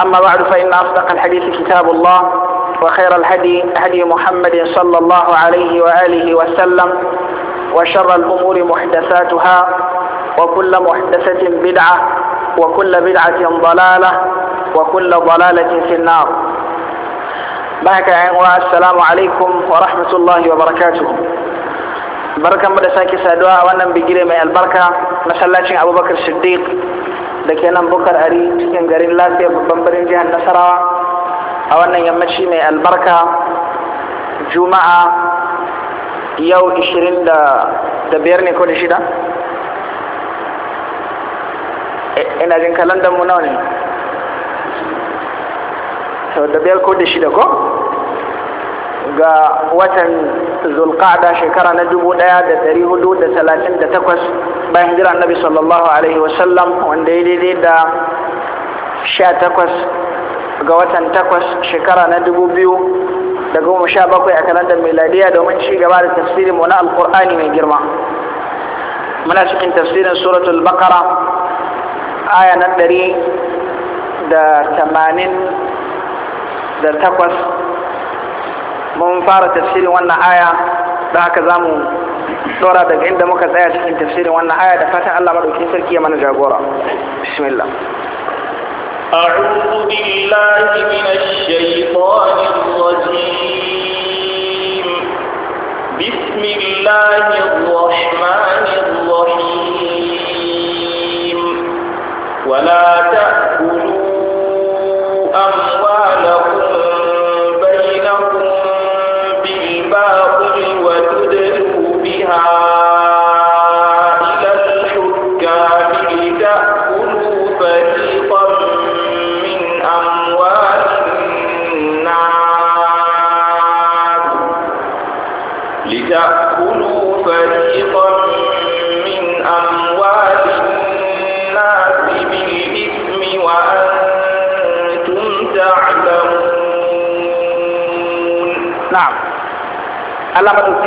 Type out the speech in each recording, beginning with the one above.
أما بعد فإن أصدق الحديث كتاب الله وخير الهدي هدي محمد صلى الله عليه وآله وسلم وشر الأمور محدثاتها وكل محدثة بدعة وكل بدعة ضلالة وكل ضلالة في النار بارك السلام عليكم ورحمة الله وبركاته بركة mu da sake saduwa a wannan bigire mai albarka masallacin da ke nan bukar ari cikin garin lafiya babban birnin jihar nasarawa a wannan yammaci mai albarka juma'a yau 25 ne ko da shida e, ina jin kalandar mu nawa ne sau da biyar ko da shida ko ga watan zulqa'da shekara na dubu da da da hudu talatin takwas bayan na annabi sallallahu alaihi wasallam wanda ya daidai da sha takwas ga watan takwas shekara na dubu biyu da goma sha bakwai a kalandar miladiya domin ci gaba da tafsirin mu na alkur'ani mai girma muna cikin tafsirin suratul bakara aya na ɗari da tamanin da takwas mun fara tafsirin wannan aya da haka zamu dora daga inda muka tsaya cikin tafsirin wannan aya da fatan Allah madaukakin sarki ya mana jagora bismillah أعوذ بالله من الشيطان الرجيم بسم الله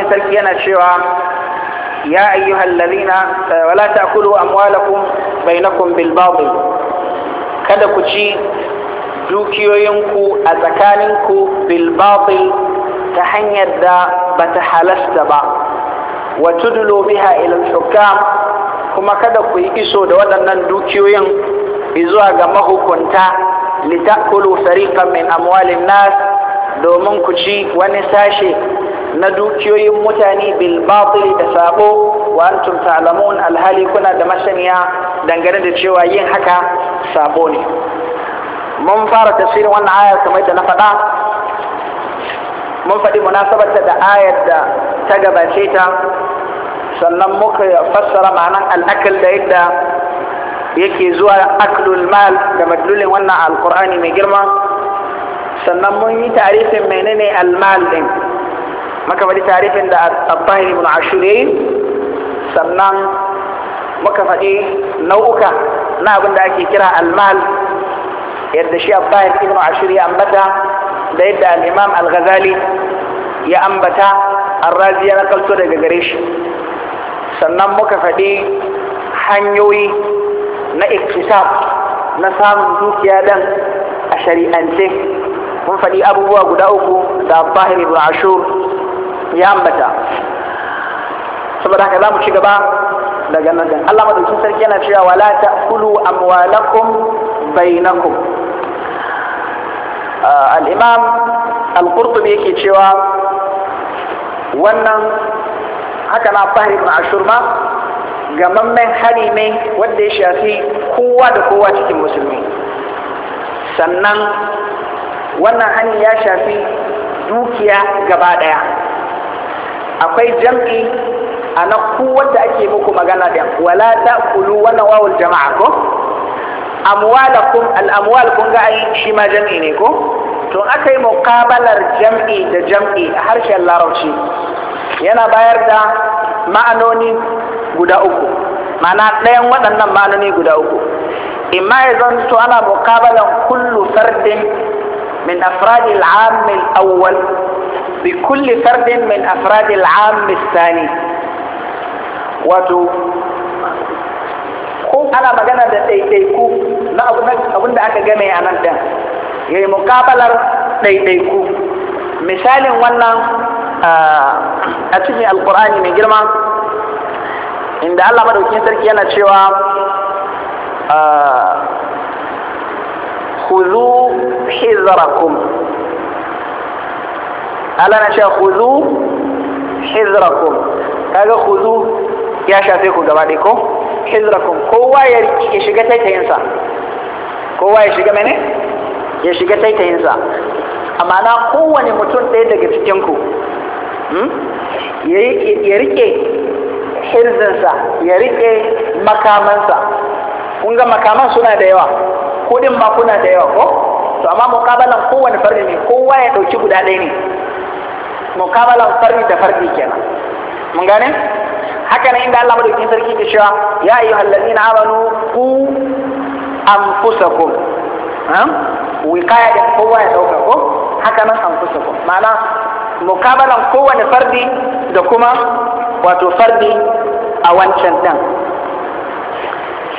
sarki yana cewa ya ayyuhal ladina wala ta'kulu amwalakum bainakum bil batil kada ku ci dukiyoyinku a tsakaninku bil batil ta hanyar da bata halasta ba wa tudlu biha ila hukam kuma kada ku yi iso da waɗannan dukiyoyin zuwa ga mahukunta ta'kulu sariqan min amwalin nas domin ku ci wani sashe na dukiyoyin mutane bil da sabo wa antum ta'lamun alhali kuna da masaniya dangane da cewa yin haka sabo ne mun fara tafsirin wannan aya kamar da na faɗa mun faɗi munasabarta da ayar da ta gabace ta sannan muka fassara ma'anan al'akal da yadda yake zuwa aklul mal da madlulin wannan alkur'ani mai girma sannan mun yi tarifin menene almal din maka faɗi tarihin da al ibn ashur yayi sannan muka faɗi nau'uka na abin da ake kira al-mal yadda shi al ibn ashur ya ambata da yadda al-imam al-ghazali ya ambata ar-razi ya daga gare shi sannan muka faɗi hanyoyi na iktisab na samun dukiya dan a shari'ance mun faɗi abubuwa guda uku da al ibn ashur ya ambata saboda haka za mu ci gaba daga nan din Allah madaukakin sarki yana cewa wala ta'kulu amwalakum bainakum ah, al-imam al-qurtubi yake cewa wannan haka na fahri a ashur ga gamammen hari ne wanda ya shafi kowa da kowa cikin musulmi sannan wannan hani ya shafi dukiya gaba daya akwai jam'i a na ku wanda ake muku magana da wala kulu wa wawul jama'a ko amwalakum al amwal kun ga ai shi ma jam'i ne ko to aka yi muqabalar jam'i da jam'i a harshen larabci yana bayar da ma'anoni guda uku Mana ɗayan waɗannan ma'anoni guda uku imma ya zanto ana muqabalan kullu fardin min afradil amil awwal بكل فرد من أفراد العام الثاني ko ana magana da ɗaiɗaiku na abin da aka gane a nan ɗin ya yi mukabalar ɗaiɗaiku misalin wannan a cikin alkur'ani mai girma inda allah madaukin sarki yana cewa huzu hizarakum Allah na cewa zu hizrakum kaga zu ya shafe ku gaba ɗaya ko hizrakum kowa ya shiga taitayinsa kowa ya shiga mene ya shiga taitayinsa amma na kowane mutum ɗaya daga cikin ku hmm, ya rike hirzinsa ya rike makamansa kun ga makaman suna da yawa kudin ma kuna da yawa ko to amma mukabalan kowane farni ne kowa ya ɗauki guda ɗaya ne mukabala farri da farri kenan mun gane haka ne inda Allah madaukakin sarki ke cewa ya ayyuhal ladina amanu ku anfusakum ham wikaya da kowa ya dauka ko haka nan anfusakum ma'ana muqabalan kowane fardi da kuma wato fardi a wancan dan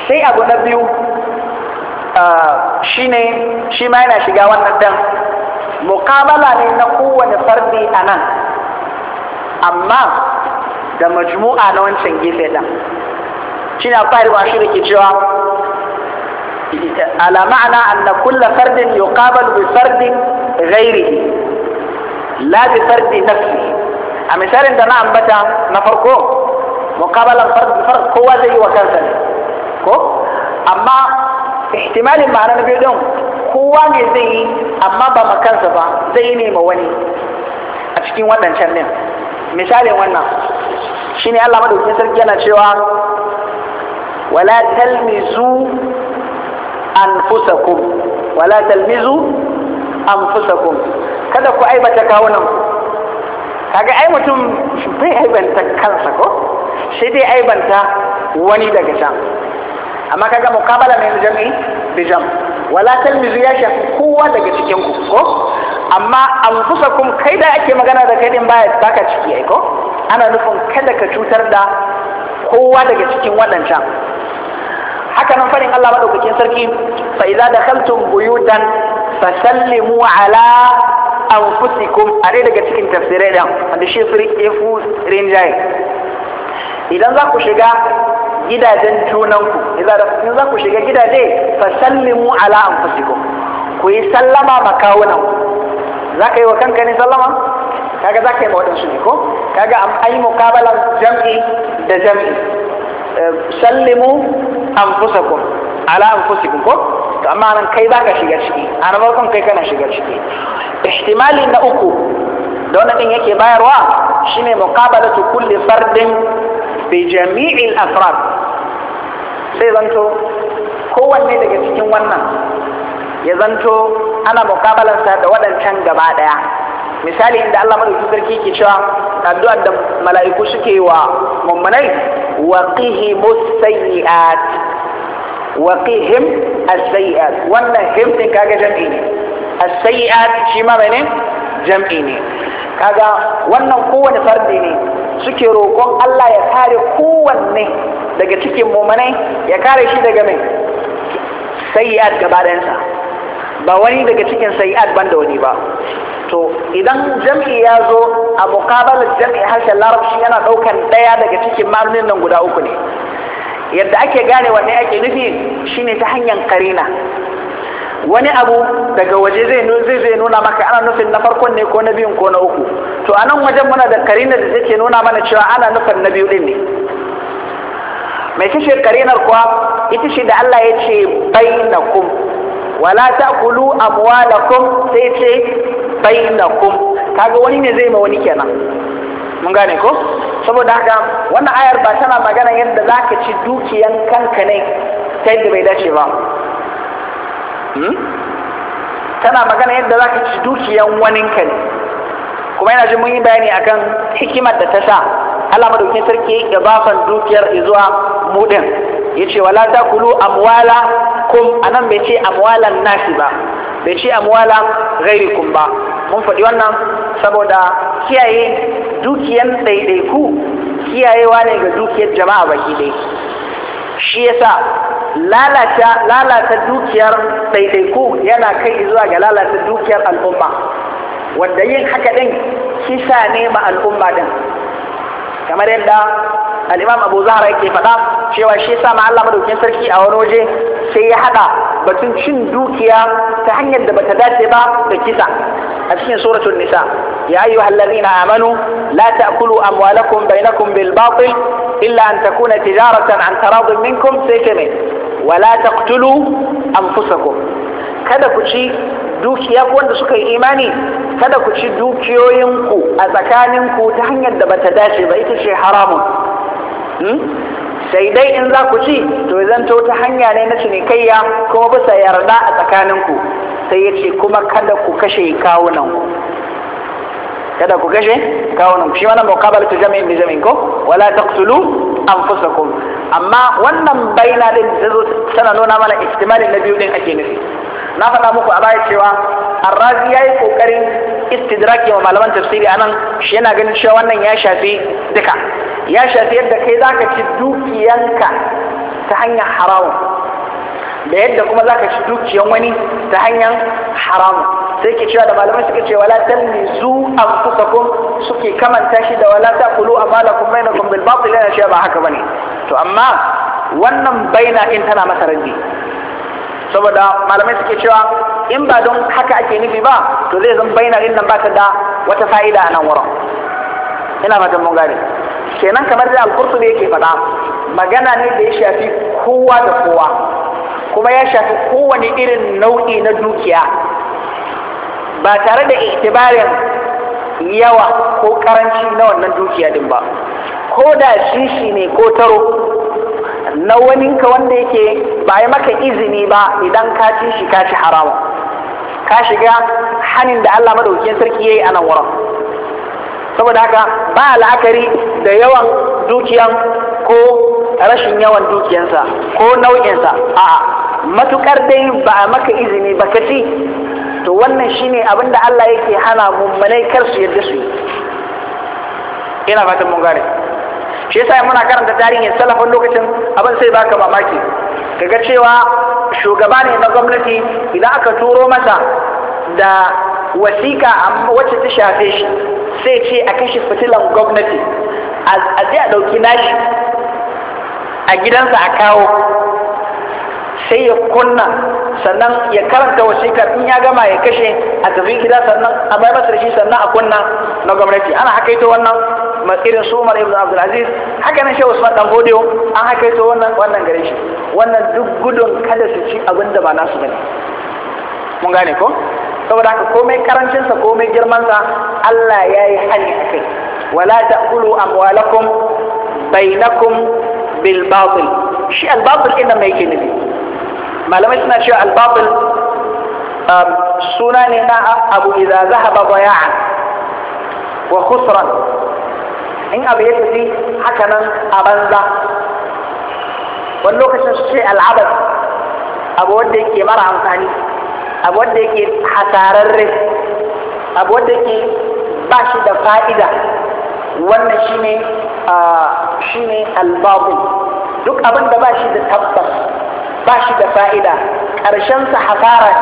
sai abu na biyu uh, shine shi ma yana shiga wannan dan muƙabala ne na kowane fardi a nan amma da majmu'a na wancan gefe ɗin shi na fari ba shi da ke cewa ala ma'ana anna kulla fardin yuqabalu bi fardin ghairihi la bi fardi nafsi a misalin da na ambata na farko muqabalan fard bi fard kowa zai yi wa kansa ne ko amma ihtimalin ma'ana na biyu din kowa ne zai yi amma ba ma kansa ba zai ne ma wani a cikin waɗancan ɗin misalin wannan shi ne Allah madaukakin sarki yana cewa wala talmizu anfusakum wala talmizu anfusakum kada ku aibata kawunan kaga ai mutum bai aibanta kansa ko sai dai aibanta wani daga can amma kaga mukabala ne jam'i bi jam wala talmizu ya shafi kowa daga cikin ku ko amma anfusakum kai da ake magana da kai din baya baka ciki ai ko ana nufin kada ka cutar da kowa daga cikin waɗancan haka nan farin Allah madaukakin sarki fa idza dakhaltum buyutan fasallimu ala anfusikum are daga cikin tafsirai da wanda shi firi efu rinjai idan za ku shiga gidajen junanku idza da kun za ku shiga gidaje fa sallimu ala anfusikum ku yi sallama makawunan za ka yi wa kanka ne sallama kaga za ka yi ma waɗansu ne ko kaga an yi mukabalan jam'i da jam'i eh, sallimu anfusakum ala anfusikum ko to amma nan kai ba ka shiga ciki a na farkon kai kana shiga ciki ihtimali na uku da wannan din yake bayarwa shine muqabalatu kulli fardin bi jami'il afrad sai zanto kowanne daga cikin wannan ya zanto ana mukabalansa da waɗancan gaba ɗaya misali inda Allah madaukakin sarki ke cewa addu'ar da mala'iku suke wa mummunai wa qihimus sayyi'at wa qihim as-sayyi'at wannan him din kaga jam'i ne as-sayyi'at shi ma bane jam'i ne kaga wannan kowane fardi ne suke roƙon Allah ya kare kowanne daga cikin mummunai ya kare shi daga mai sayi'at gaba ɗayansa ba wani daga cikin sayi'at ban da wani ba to idan jam'i ya zo a mukabalar jam'i harshen larabci yana ɗaukar ɗaya daga cikin marunin nan guda uku ne yadda ake gane wanne ake nufi shine ta hanyar karina wani abu daga waje zai nuna maka ana nufin na farkon ne ko na biyun ko na uku to a nan wajen muna da karina da take nuna mana cewa ana nufin na biyu din ne mai kishe karinar kuwa ita shi da Allah ya ce bai na kum. wala ta'kulu kum sai ce bai na bainakum kaga wani ne zai ma wani kenan mun gane ko saboda haka wannan ayar ba tana magana yadda za ka ci dukiyan kanka ne ta yadda bai dace ba hmm? tana magana yadda za ka ci dukiyan waninka ne kuma yana jin mun yi bayani akan hikimar da ta sa Allah madaukin sarki ya bafan dukiyar zuwa mu yace wala takulu amwala kum anan bai ce amwalan nasi ba bai ce amwala kum ba mun faɗi wannan saboda kiyaye dukiyan ɗaiɗaiku kiyayewa ne ga dukiyar jama'a baki ɗai shi yasa lalata lalata dukiyar ɗaiɗaiku yana kai zuwa ga lalata dukiyar al'umma wanda yin haka ɗin kisa ne ma al'umma ɗin kamar yadda al'imam abu zahra yake faɗa cewa shi yasa ma Allah madaukakin sarki a wani waje sai ya haɗa batun cin dukiya ta hanyar da bata dace ba da kisa a cikin suratul nisa ya ayyuhal ladina amanu la ta'kulu amwalakum bainakum bil batil illa an takuna tijaratan an taradun minkum sai kame wala taqtulu anfusakum kada ku ci dukiya ko wanda suka yi imani kada ku ci dukiyoyinku a tsakaninku ta hanyar da bata dace ba ita ce haramun hmm? sai dai in za ku ci to zanto ta hanya ne na cinikayya kuma bisa yarda a tsakaninku sai ya ce kuma kada ku kashe kawunan. kada ku kashe ku shi wannan ta jami'in da jami'in ko wala taqtulu anfusakum amma wannan baina din da sana nuna mana istimalin na biyu din ake nufi na faɗa muku a baya cewa arrazi ya yi ƙoƙarin istidraki wa malaman tafsiri anan shi yana ganin cewa wannan ya shafi duka ya shafi yadda kai za ka ci dukiyanka ta hanyar haramun da yadda kuma za ka ci dukiyan wani ta hanyar haramun sai ke cewa da malamai suka ce wala kusa kun suke kamanta shi da wala taqulu amalakum bainakum bil batil yana cewa ba haka bane to amma wannan baina in tana masa raddi saboda malamai suke cewa in ba don haka ake nufi ba to zai zan bayyana din nan baka da wata fa'ida a nan wurin ina fatan mun gane kenan kamar da ne yake faɗa magana ne da ya shafi kowa da kowa kuma ya shafi kowane irin nau'i na dukiya ba tare da itibarin yawa ko karanci na wannan dukiya din ba ko da shishi ne ko taro na waninka wanda yake ba yi maka izini ba idan ka ci shi ka ci haramu ka shiga hanin da Allah madaukakin sarki yayi a nan wurin saboda haka ba la'akari da yawan dukiyan ko rashin yawan dukiyansa ko nau'insa a'a matukar dai ba a maka izini ba ka ci to wannan shine abin da Allah yake hana mu kar su yarda su yi ina fatan mun gane shi yasa muna karanta tarihin salafin lokacin abin sai baka mamaki kaga cewa shugaba ne na gwamnati idan aka turo masa da wasiƙa wacce ta shafe shi sai ce a kashe fitilan gwamnati a je a ɗauki nashi a gidansa a kawo sai ya kunna sannan ya karanta wasiƙa in ya gama ya kashe a tafi gida sannan a bai masa shi sannan a kunna na gwamnati ana haka ita wannan irin su Umar ibn Abdul Aziz haka nan Shehu Usman dan godiyo an haka ito wannan wannan gare shi wannan duk gudun kada su ci abin da ba nasu bane mun gane ko saboda haka komai karancinsa komai sa Allah ya yi hani a kai wala ta'kulu amwalakum bainakum bil batil shi al batil inda mai yake nabi malamai suna cewa al batil um, suna ne na abu idza zahaba baya'an wa khusran in abu ya tafi haka nan a banza wani lokacin su ce al'abar abu wanda yake mara amfani abu wanda yake hasararre abu wanda yake ba shi da fa'ida wannan shi ne albabu duk abin da ba shi da tabbas ba shi da fa'ida ƙarshensa hasara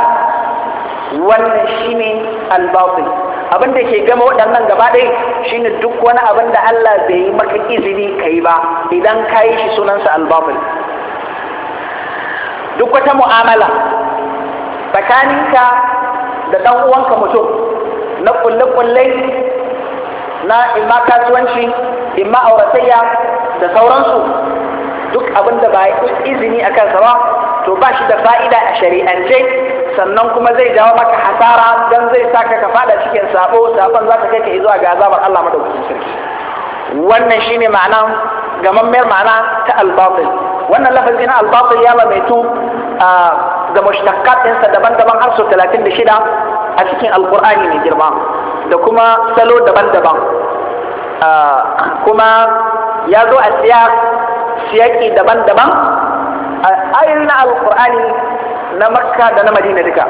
wannan shi ne albabu abin da ke gama waɗannan gaba ɗaya ne duk wani abin da Allah bai yi maka izini ka yi ba idan ka yi shi sunansa albabul duk wata mu'amala tsakaninka da ɗan uwanka mutum na kulle-kulle na imma kasuwanci imma auratayya da sauransu duk abin da ba izini a kansa ba To ba shi da fa'ida a shari'ance sannan kuma zai jawo maka hasara don zai saka ka fada cikin sabo sabon za ka kai ka zuwa ga azabar Allah madaukakin sarki wannan shine ma'ana gamammiyar ma'ana ta al wannan lafazi na ya ba mai tu da mushtaqat ɗinsa daban-daban har sau shida a cikin alkur'ani mai girma da kuma salo daban-daban kuma ya zo a siya siyaki daban-daban ayin na alkur'ani na makka da na madina duka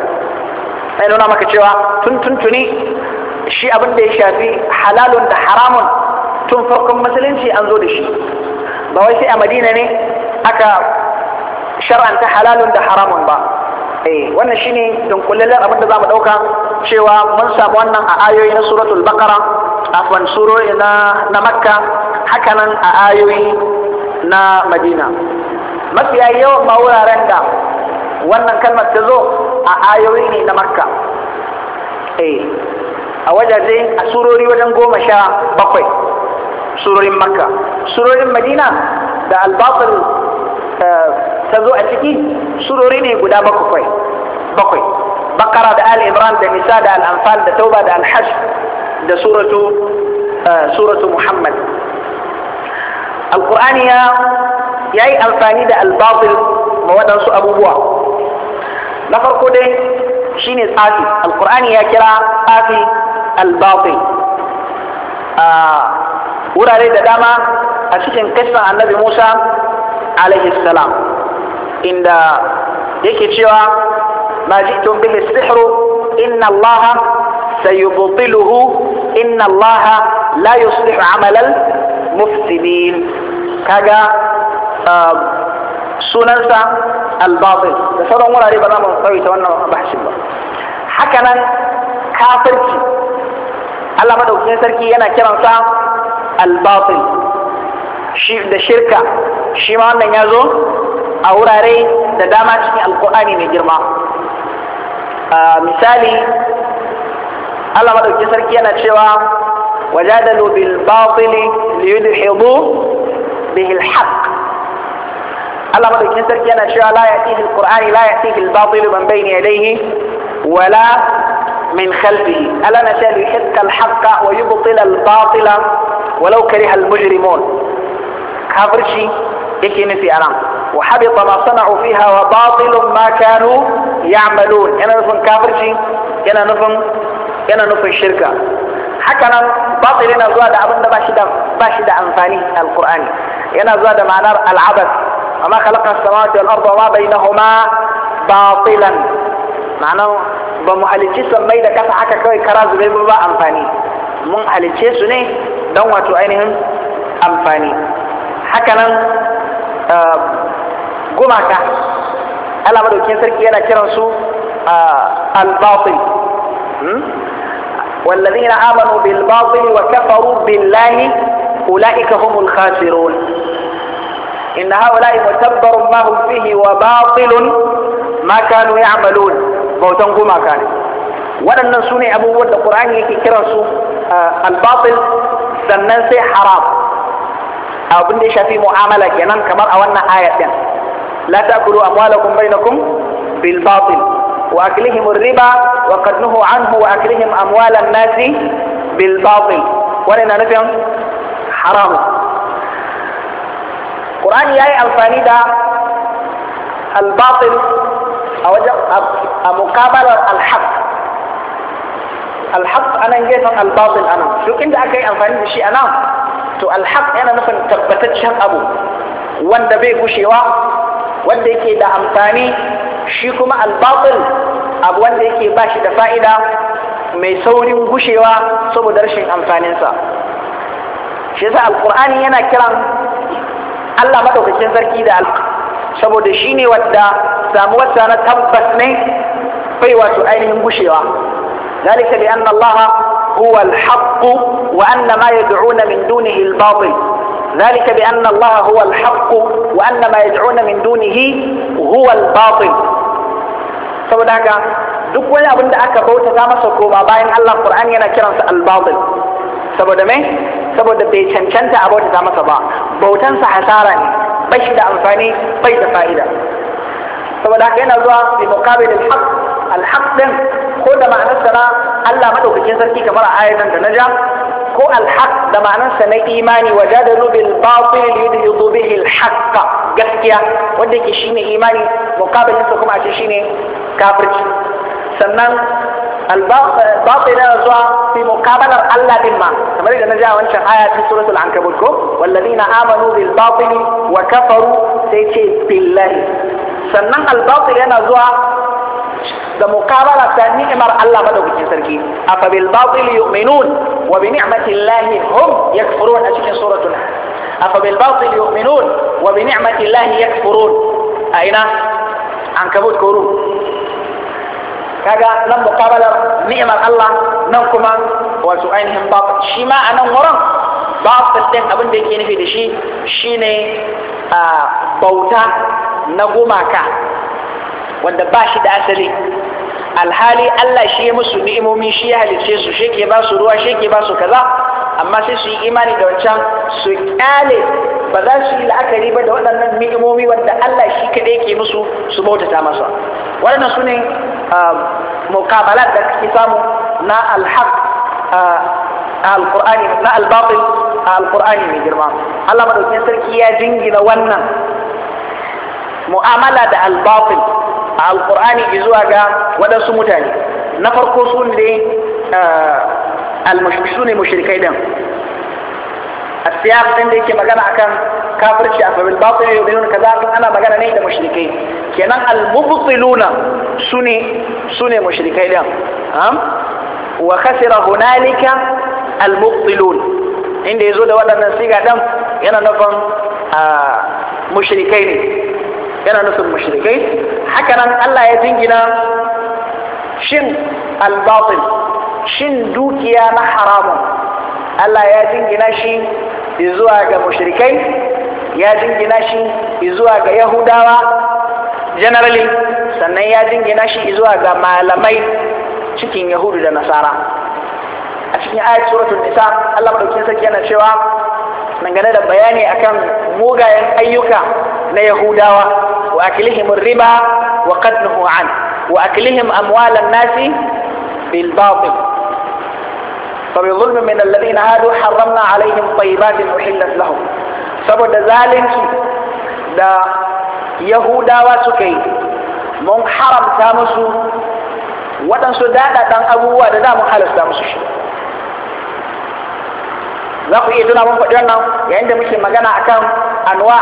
sai nuna maka cewa tun tuntuni shi abin da ya shafi halalun da haramun tun farkon musulunci an zo da shi ba wai sai a madina ne aka shar'anta halalun da haramun ba eh wannan shine dunkulallen abin da zamu dauka cewa mun samu wannan a ayoyi na suratul baqara afwan surori na na makka hakanan a ayoyi na madina mafiya yawan ma wuraren da wannan kalmar ta zo a ayoyi ne na makka eh, a wajaje a surori wajen goma sha bakwai surorin makka surorin madina da albatul eh, ta zo a ciki surori ne guda bakwai bakwai bakara da ali imran da nisa da al'amfal da tauba da alhash da suratu eh, suratu muhammad alkur'ani ya yayi yi amfani da albabil ma waɗansu abubuwa na farko dai shine ne tsafi alkur'ani ya kira tsafi albabil a wurare da dama a cikin kashin annabi musa alaihi salam inda yake cewa ma ما جئتم به السحر إن الله سيبطله إن الله لا يصلح عمل المفسدين kaga sunansa albatil da sauran wurare ba za mu ta wannan bahashin ba haka nan kafirci Allah sarki yana kiransa albatil da shirka shi ma wannan ya zo a wurare da dama cikin alkur'ani mai girma misali Allah madaukakin sarki yana cewa wajadalu bil batili liyudhidu bihi al Allah madaukakin sarki yana cewa la ya'tihi al-qur'ani la ya'tihi al-batil min bayni yadayhi wala min khalfihi Allah na cewa yuhiqqa al-haqqa wa yubtil al-batila walau kariha al-mujrimun kafirci yake nufi anan wa habita ma sana'u fiha wa batilun ma kanu ya'malun yana nufin kafirci yana nufin yana nufin shirka haka nan batil yana zuwa da abin da ba shi da amfani alqur'ani yana zuwa da ma'anar al'abas وما خلقنا السماوات والأرض وما بينهما باطلا ma'ana ba mu halicci sammai da kasa haka kawai kara zube ba amfani mun halicce ne don wato ainihin amfani hakanan gumaka sarki yana kiran su al-batil والذين آمنوا بالباطل وكفروا بالله أولئك هم الخاسرون Inna هؤلاء متبر ما هم فيه وباطل ما كانوا يعملون بوتن ما كانوا waɗannan su ne abubuwan da ƙur'ani yake kiran su albatil sannan sai haram abin da ya shafi mu'amala kenan kamar a wannan ayat din la ta'kulu amwalakum bainakum bil batil wa aklihim riba wa qad nuhu anhu wa aklihim amwalan nasi bil batil wannan na nufin haram ƙur'ani ya yi amfani da albatin a wajen mukabalar alhaq alhaq a nan gefen albatin a nan duk inda aka yi amfani da shi a nan to alhaq yana nufin tabbataccen abu wanda bai gushewa wanda yake da amfani shi kuma albatil abu wanda yake ba shi da fa'ida mai saurin gushewa saboda rashin amfaninsa shi yasa alkur'ani yana kiran Allah madaukakin sarki da alƙa saboda shi ne wadda samuwar sa na tabbas ne bai wato ainihin gushewa zalika bi anna Allah huwa al-haqq wa anna ma yad'un min dunihi al-batil zalika bi anna Allah huwa al-haqq wa anna ma yad'un min dunihi huwa al-batil saboda ga duk wani abin da aka bauta za masa koma bayan Allah Qur'an yana kiransa al-batil saboda me saboda bai cancanta abin da za masa ba bautansa hasara ne bai shi da amfani bai da fa'ida saboda haka yana zuwa bai muqabil al-haq ko da ma'anar sa Allah madaukakin sarki kamar a ayatan da na ja, ko al da ma'anar sa na imani wajadalu bil batil yudhidu bihi al-haqq gaskiya wanda shi ne imani muqabilin sa kuma a ce shine kafirci sannan الباطل يزوى في مقابلة ألا دمى كما يجب أن نجاء وانشر آية في سورة العنكبول والذين آمنوا بالباطل وكفروا سيكي بالله سنن الباطل يزوى بمقابلة نعمة الله بدو في سرقين أفبالباطل يؤمنون وبنعمة الله هم يكفرون أشكي سورة أفبالباطل يؤمنون وبنعمة الله يكفرون أين عنكبوت كورو kaga nan muqabalar ni'imar Allah nan kuma wato ainihin babu shi ma a nan wurin babu din abin da yake nufi da shi shine bauta na gumaka wanda ba shi da asali alhali Allah shi ya musu ni'imomi shi ya halice su shi ke ba su ruwa shi ke ba su kaza amma sai su yi imani da wancan su kyale ba za su yi la'akari ba da waɗannan ni'imomi wanda Allah shi kaɗai ke musu su bautata masa waɗannan su ne ah, mukabalat da kake samu na alhaq ah, alqur'ani na albatil ah, alqur'ani mai girma Allah madaukakin sarki ya jingina wannan mu'amala da albatil alqur'ani zuwa ga waɗansu mutane na farko su ne المشركون مشركي دم السياق دين ديكي مغانا عكام كافر شعفة بالباطن يؤمنون كذا انا مغانا نيت مشركي كينا المبطلون سني سني مشركي دم وخسر هنالك المبطلون عندي يزود ولا نسيق دم آه، ينا نفهم مشركين ينا نفهم مشركين حكنا الله يتنجنا شن الباطل shin dukiya na haramun Allah ya jingina shi zuwa ga mushrikai ya jingina shi zuwa ga yahudawa generally sannan ya jingina shi zuwa ga malamai cikin yahudu da nasara a cikin ayat suratul nisa Allah madaukin sarki yana cewa dangane da bayani akan mugayen ayyuka na yahudawa wa akilihim riba wa qadnuhu an wa akilihim amwalan nasi bil batil فبظلم من الذين هادوا حرمنا عليهم طيبات أحلت لهم saboda zalunci da yahudawa suka yi mun haramta musu waɗansu daɗaɗan abubuwa da za mu halasta musu shi za ku iya tuna mun faɗi wannan yayin da muke magana akan anwa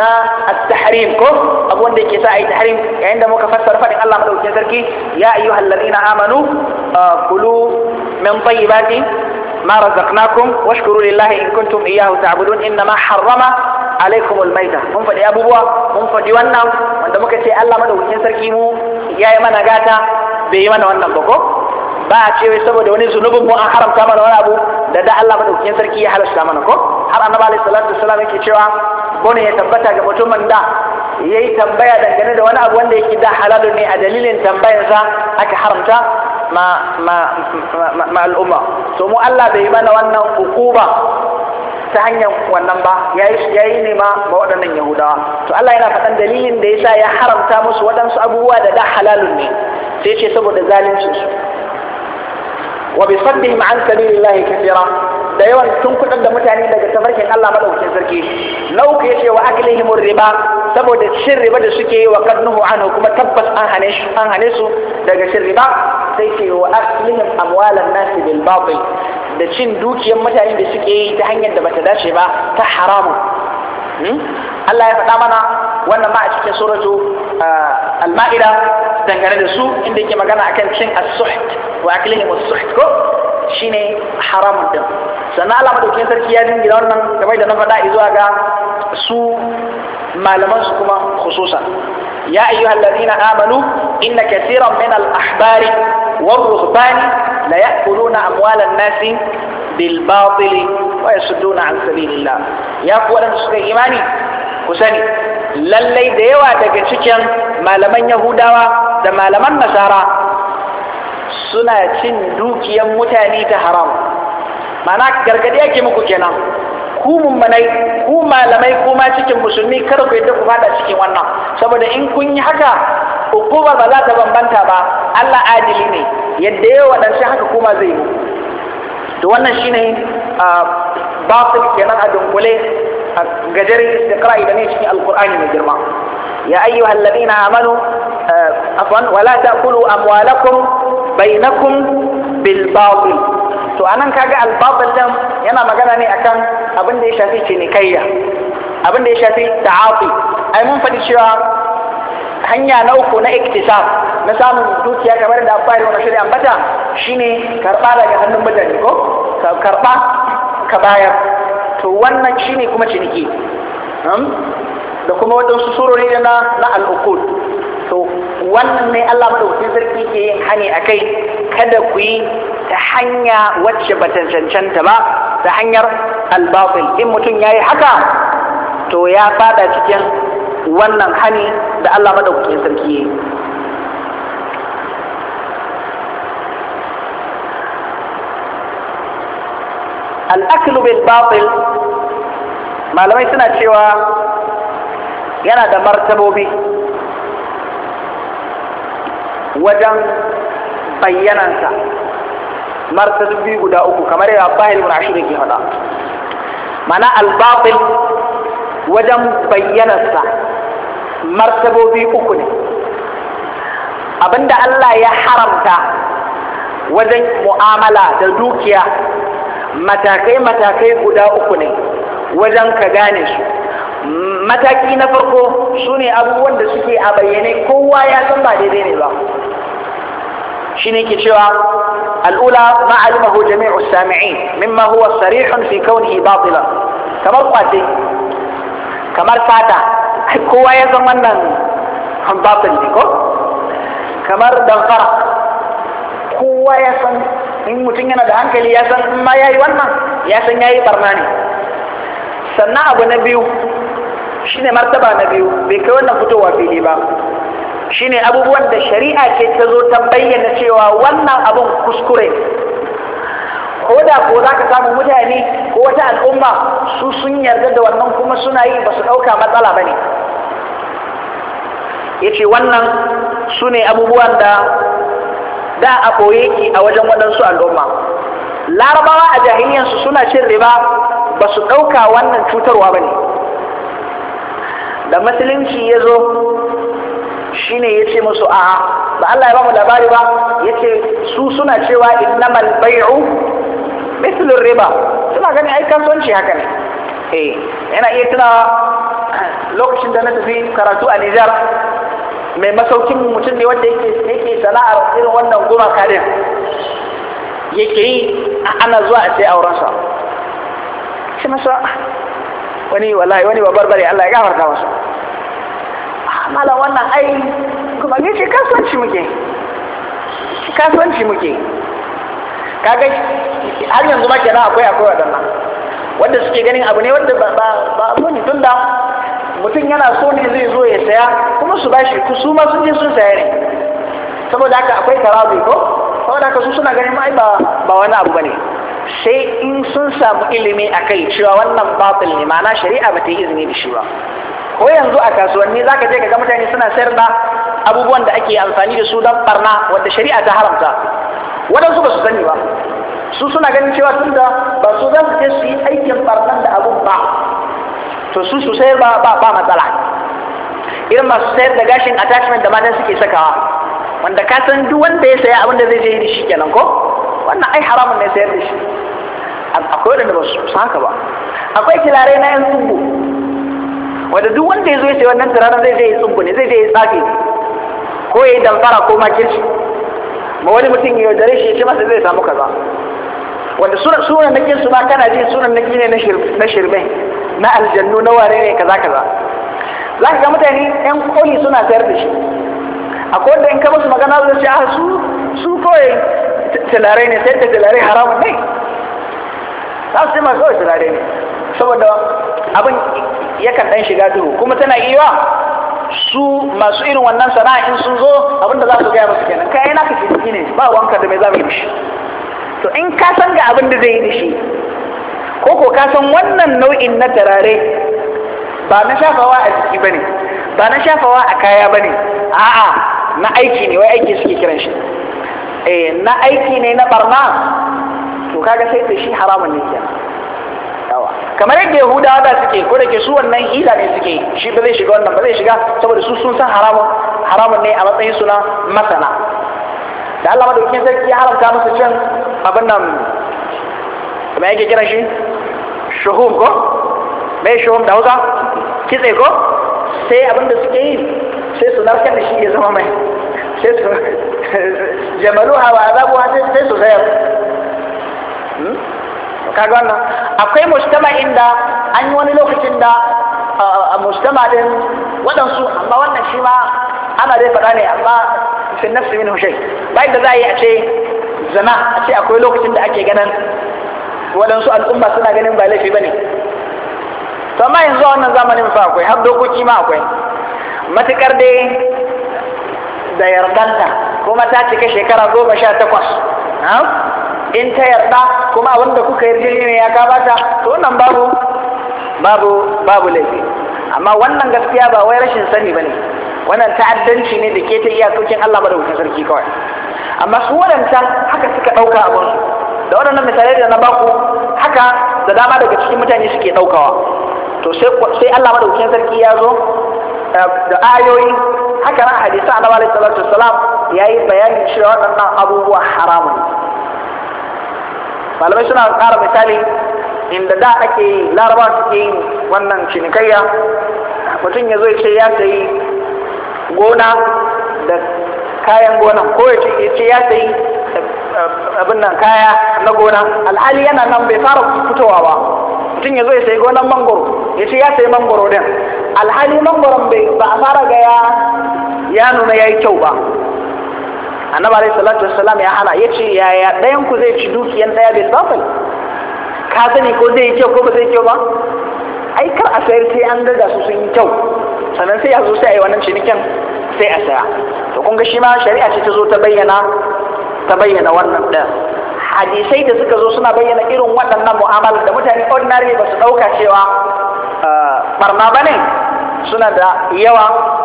na at-tahrim ko abu wanda yake sa ayi tahrim yayin da muka fassara faɗin Allah madaukakin sarki ya ayyuhal amanu kulu من طيبات ما رزقناكم واشكروا لله إن كنتم إياه تعبدون إنما حرم عليكم الميتة من فدي أبوه من فدي وانا وانا مكتئ الله مدو ينسر كيمو يا إيمان أغاتا بإيمان وانا بقوك ba a ce wai saboda wani zunubin mu an haramta mana wani abu da da Allah dokin sarki ya halasta mana ko har annabi alaihi wasallam yake cewa gone ya tabbata ga mutumin da yayi tambaya dangane da wani abu wanda yake da halalun ne a dalilin tambayarsa aka haramta ma ma ma al'umma To mu Allah bai mana wannan hukuma ta hanyar wannan ba ya yi nema ma waɗannan yahudawa to Allah yana faɗan dalilin da yasa ya haramta musu waɗansu abubuwa da da halalun ne sai ce saboda zalincin su wa bi saddihim an sabilillahi kathira da yawan tun kudin da mutane daga tafarkin Allah madaukakin sarki na uku yace wa aklihim riba saboda shin riba da suke yi wa kadnuhu anhu kuma tabbas an hane shi an hane su daga shin riba sai ce wa aklihim amwalan nasi bil batil da cin dukiyar mutane da suke yi ta hanyar da bata dace ba ta haramu, hmm? Allah ya faɗa mana wannan ma a cikin suratu ah, al-ma'ida dangane da su inda yake magana akan cin as-suht wa aklihim as-suht ko shine haram din sannan Allah madaukakin sarki ya dingira wannan bai da na faɗa zuwa ga su malaman su kuma khususan ya ayyuhal ladina amanu inna kaseeran min al-ahbari war-ruhbani la ya'kuluna amwalan nasi bil batili wa yasudduna an sabilillah ya ku wadanda suka imani ku sani lallai da yawa daga cikin malaman yahudawa da malaman nasara suna cin dukiyan mutane ta haram mana gargadi yake muku kenan ku mummanai ku malamai kuma cikin musulmi kada ku yadda ku fada cikin wannan saboda in kun yi haka hukuma ba za ta bambanta ba Allah adili ne yadda yawa waɗansu haka kuma zai yi to wannan shine ah, batil kenan a dunkule gajeren istiqra'i da ne cikin alqur'ani mai girma ya ayyuhal ladina amanu afwan wala ta'kulu amwalakum bainakum bil batil to anan kaga al batil din yana magana ne akan abin da ya shafi cinikayya abin da ya shafi ta'afi ai mun fadi cewa hanya na uku na iktisab na samun dukiya kamar da fari wani shirya ambata shine karɓa daga hannun mutane ko karɓa ka bayar to wannan shine kuma ciniki hmm? da kuma waɗansu surori na na al'ukud to wannan ne Allah madaukakin sarki ke yin hani akai kada ku yi ta hanya wacce ba cancanta ba ta hanyar albatil in mutum yayi haka to ya fada cikin wannan hani da Allah madaukakin sarki yayi al'aklu bil malamai suna cewa yana da martabobi wajen bayyanansa martabobi guda uku kamar yana bahir ibn ashir ke faɗa mana albabil wajen bayyanarsa martabobi uku ne abinda Allah ya haramta wajen mu'amala da dukiya matakai-matakai guda uku ne wajen ka gane su mataki na farko su ne abubuwan da suke a bayyane kowa ya san ba daidai ne ba shi ne ke cewa al'ula ko jami'u sami'i mimma huwa sarihun fi kaunihi batila kamar kwace kamar fata kowa ya san wannan batil ne ko kamar damfara kowa ya san in mutum yana da hankali ya san in ma ya yi wannan ya san ya yi barna ne sannan abu na biyu shine martaba na biyu bai kai wannan fitowa fili ba shine abubuwan da shari'a ke ta zo ta bayyana cewa wannan abun kuskure ko da ko za ka samu mutane ko wata al'umma su sun yarda da wannan kuma suna yi ba su ɗauka matsala ba ne ya ce wannan su ne abubuwan da da a ɓoye a wajen waɗansu al'umma larabawa a jahiliyansu suna cin riba ba su ɗauka wannan cutarwa ba ne da musulunci ya zo shi ne ya ce musu a ba Allah ya ba mu labari ba ya ce su suna cewa mal bai'u mislin riba suna gani ai kasuwanci haka ne eh yana iya tuna lokacin da na tafi karatu a Nijar mai masaukin mutum ne wanda yake sana'ar irin wannan goma karin yake yi ana zuwa a sai aurensa shi masa wani wallahi wani bare Allah ya gafarta masa ah, malam wannan ai kuma ne ce kasuwanci muke kasuwanci muke kaga har yanzu ma kenan akwai akwai wadannan wanda suke ganin abu ne wanda ba ba so ne tunda mutum yana so ne zai zo ya saya kuma su bashi su ma sun je sun saya ne saboda haka akwai tarabi ko saboda ka su suna ganin ma'ai ba wani abu bane sai in sun samu ilimi a kai cewa wannan batil ne ma'ana shari'a ba ta yi izini da shi ba ko yanzu a kasuwanni za ka je ga mutane suna sayar da abubuwan da ake amfani da su don barna wadda shari'a ta haramta waɗansu ba su sani ba su suna ganin cewa tun da ba su za su je su yi aikin barnan da abun ba to su su sayar ba ba matsala irin masu sayar da gashin attachment da matan suke sakawa wanda ka san duk wanda ya saya abin da zai je da shi kenan ko wannan ai haramun ne sayar da shi akwai wanda ba su haka ba akwai kilare na yan tsubu wanda duk wanda ya zo ya sayi wannan turaren zai sayi tsubu ne zai sayi tsafi ko ya yi damfara ko makirci ma wani mutum ya yaudare shi ya ce masa zai samu kaza wanda sunan nakin su ba kana ji sunan naki ne na shirme na aljannu na ware ne kaza kaza za ka ga mutane yan koli suna sayar da shi akwai wanda in ka musu magana zai ce a ah, su su kawai tilare ne sai ta tilare haramun ne za su ma kawai tilare ne saboda abin yakan dan shiga duhu kuma tana iya su masu irin wannan sana'a in sun zo abin da za su gaya musu kenan kai na kake ciki ne ba wanka da mai zamu yi shi to in ka san ga abin da zai yi da shi ko ko ka san wannan nau'in na tarare ba na shafawa a jiki bane ba na shafawa a kaya bane a'a na aiki ne wai aiki suke kiran shi eh na aiki ne na barna to kaga sai da shi haramun ne kenan yawa kamar yadda yahuda da suke ko da ke su wannan hila ne suke shi ba zai shiga wannan ba zai shiga saboda su sun san haramun haramun ne a matsayin su na masana da Allah madaukakin sarki ya haramta musu cin abin nan Kamar yake kiran shi shuhum ko mai shuhum da hausa kitse ko sai abin da suke yi sai su narkar da shi ya zama mai sai su jamalu hawa azabu sai su zayar hmm? kaga wannan akwai mustama inda an yi wani lokacin da a mustama din waɗansu amma wannan shi ma ana dai faɗa ne amma sun nafsi min hushai bayan da za a yi a ce zana a ce akwai lokacin da ake ganin waɗansu al'umma suna ganin ba laifi ba ne to amma yanzu a wannan zamanin fa akwai har dokoki ma akwai matuƙar dai da yardanta kuma ta cika shekara goma sha takwas in ta yarda kuma wanda kuka yarda ne ya kabata to wannan babu babu babu laifi amma wannan gaskiya ba wai rashin sani ba ne. wannan ta'addanci ne da ke ta iyakokin Allah wuce sarki kawai amma su wadanta haka suka a abun da waɗannan misalai da na baku haka da dama daga cikin mutane suke ɗaukawa. to sai Allah wuce sarki ya zo da ayoyi haka na hadisa annabi alaihi salatu wasalam yayi bayanin cewa waɗannan abubuwa haramun malamai suna ƙara misali inda da ake yi laraba suke yi wannan cinikayya mutum ya zo ya ce ya sayi gona da kayan gonan ko ya ce ya sayi eh, abin nan kaya na gona alhali yana nan bai fara fitowa ba mutum ya zo ya sayi gonan mangoro ya ce ya sayi mangoro din alhali mangwaron bai ba a fara ga ya nuna ya yi kyau ba annabi alaihi salatu wassalam ya hana ya ce yaya ɗayan ku zai ci dukiyan ɗaya bai batil ka sani ko zai yi kyau ko ba zai kyau ba ai kar a sayar sai an daga su sun yi kyau sannan sai a zo sai a yi wannan cinikin sai a saya to kun ga shi ma shari'a ce ta zo ta bayyana ta bayyana wannan ɗaya hadisai da suka zo suna bayyana irin waɗannan mu'amala da mutane ordinary ba su ɗauka cewa ah, barna ba ne suna da yawa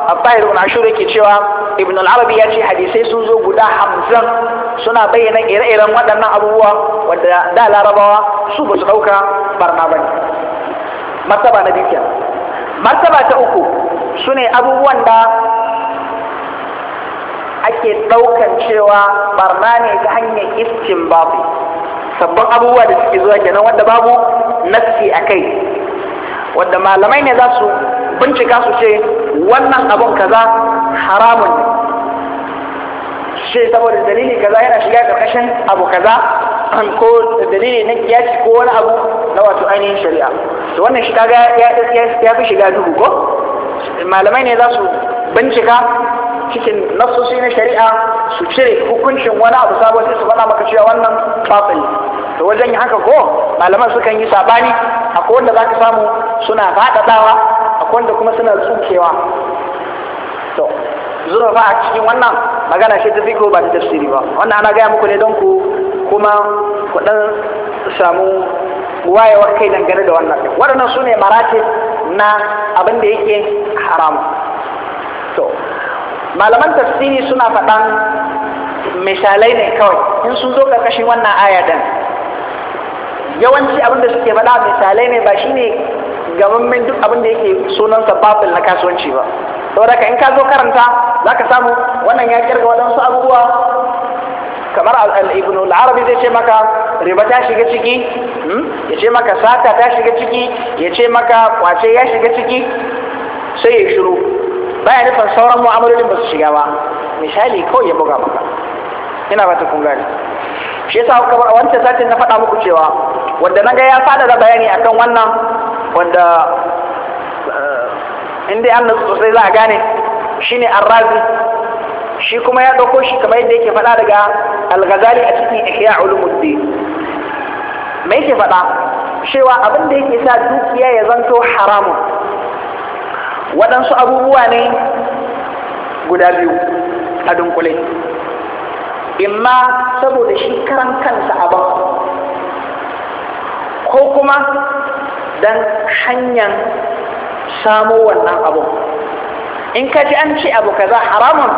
abdahir na ashur yake cewa ibn al-arabi ya ce hadisai sun zo guda hamsin suna bayyana ire-iren waɗannan abubuwa wadda da larabawa su ba su ɗauka barna ba ne martaba na biyu martaba ta uku su ne abubuwan da ake ɗaukan cewa barna ne ta hanyar iskin babu sabbin abubuwa da suke zuwa kenan wanda babu nassi a kai wanda malamai ne za su bincika su ce wannan abun kaza haramun ce saboda dalili kaza yana shiga karkashin abu kaza an ko dalili na kiyaci ko wani abu na wato ainihin shari'a to wannan shi kaga ya fi shiga duhu ko malamai ne za su bincika cikin nafsoshi na shari'a su cire hukuncin wani abu sabo sai su faɗa maka cewa wannan fasali to wajen haka ko malaman sukan yi sabani akwai wanda za ka samu suna faɗaɗawa akwai wanda kuma suna tsukewa to ba a cikin wannan magana shi ta fiko ba ta tafsiri ba wannan ana gaya muku ne don ku kuma ku dan samu wayewar kai dangane da wannan waɗannan su ne maratib na abin da yake haramu to malaman tafsiri suna faɗan misalai ne kawai in sun zo ƙarƙashin wannan aya din yawanci abin da suke faɗa misalai ne ba shine gamammen duk abin da yake sunansa babin na kasuwanci ba saboda ka in ka zo karanta za ka samu wannan ya kirga waɗansu abubuwa kamar al'ibinu al'arabi zai ce maka riba ta shiga ciki hmm? ya ce maka sata ta shiga ciki ya ce maka kwace ya shiga ciki sai ya shiru baya nufin sauran mu'amalolin ba su shiga ba misali kawai ya buga maka ina ba ta kun gani shi yasa kamar a wancan satin na faɗa muku cewa wanda na ga ya fada da bayani akan wannan wanda eh, inda an nasu sosai za a gane shine arrazi shi kuma ya ɗauko shi kamar yadda yake faɗa daga al a cikin ihya ulumuddi me yake faɗa cewa abin da yake sa dukiya ya zanto haramun waɗansu abubuwa ne guda biyu a dunkule imma saboda shi karan kansa abin ko kuma dan hanyar samo wannan abu in ka ji an ce abu kaza haramun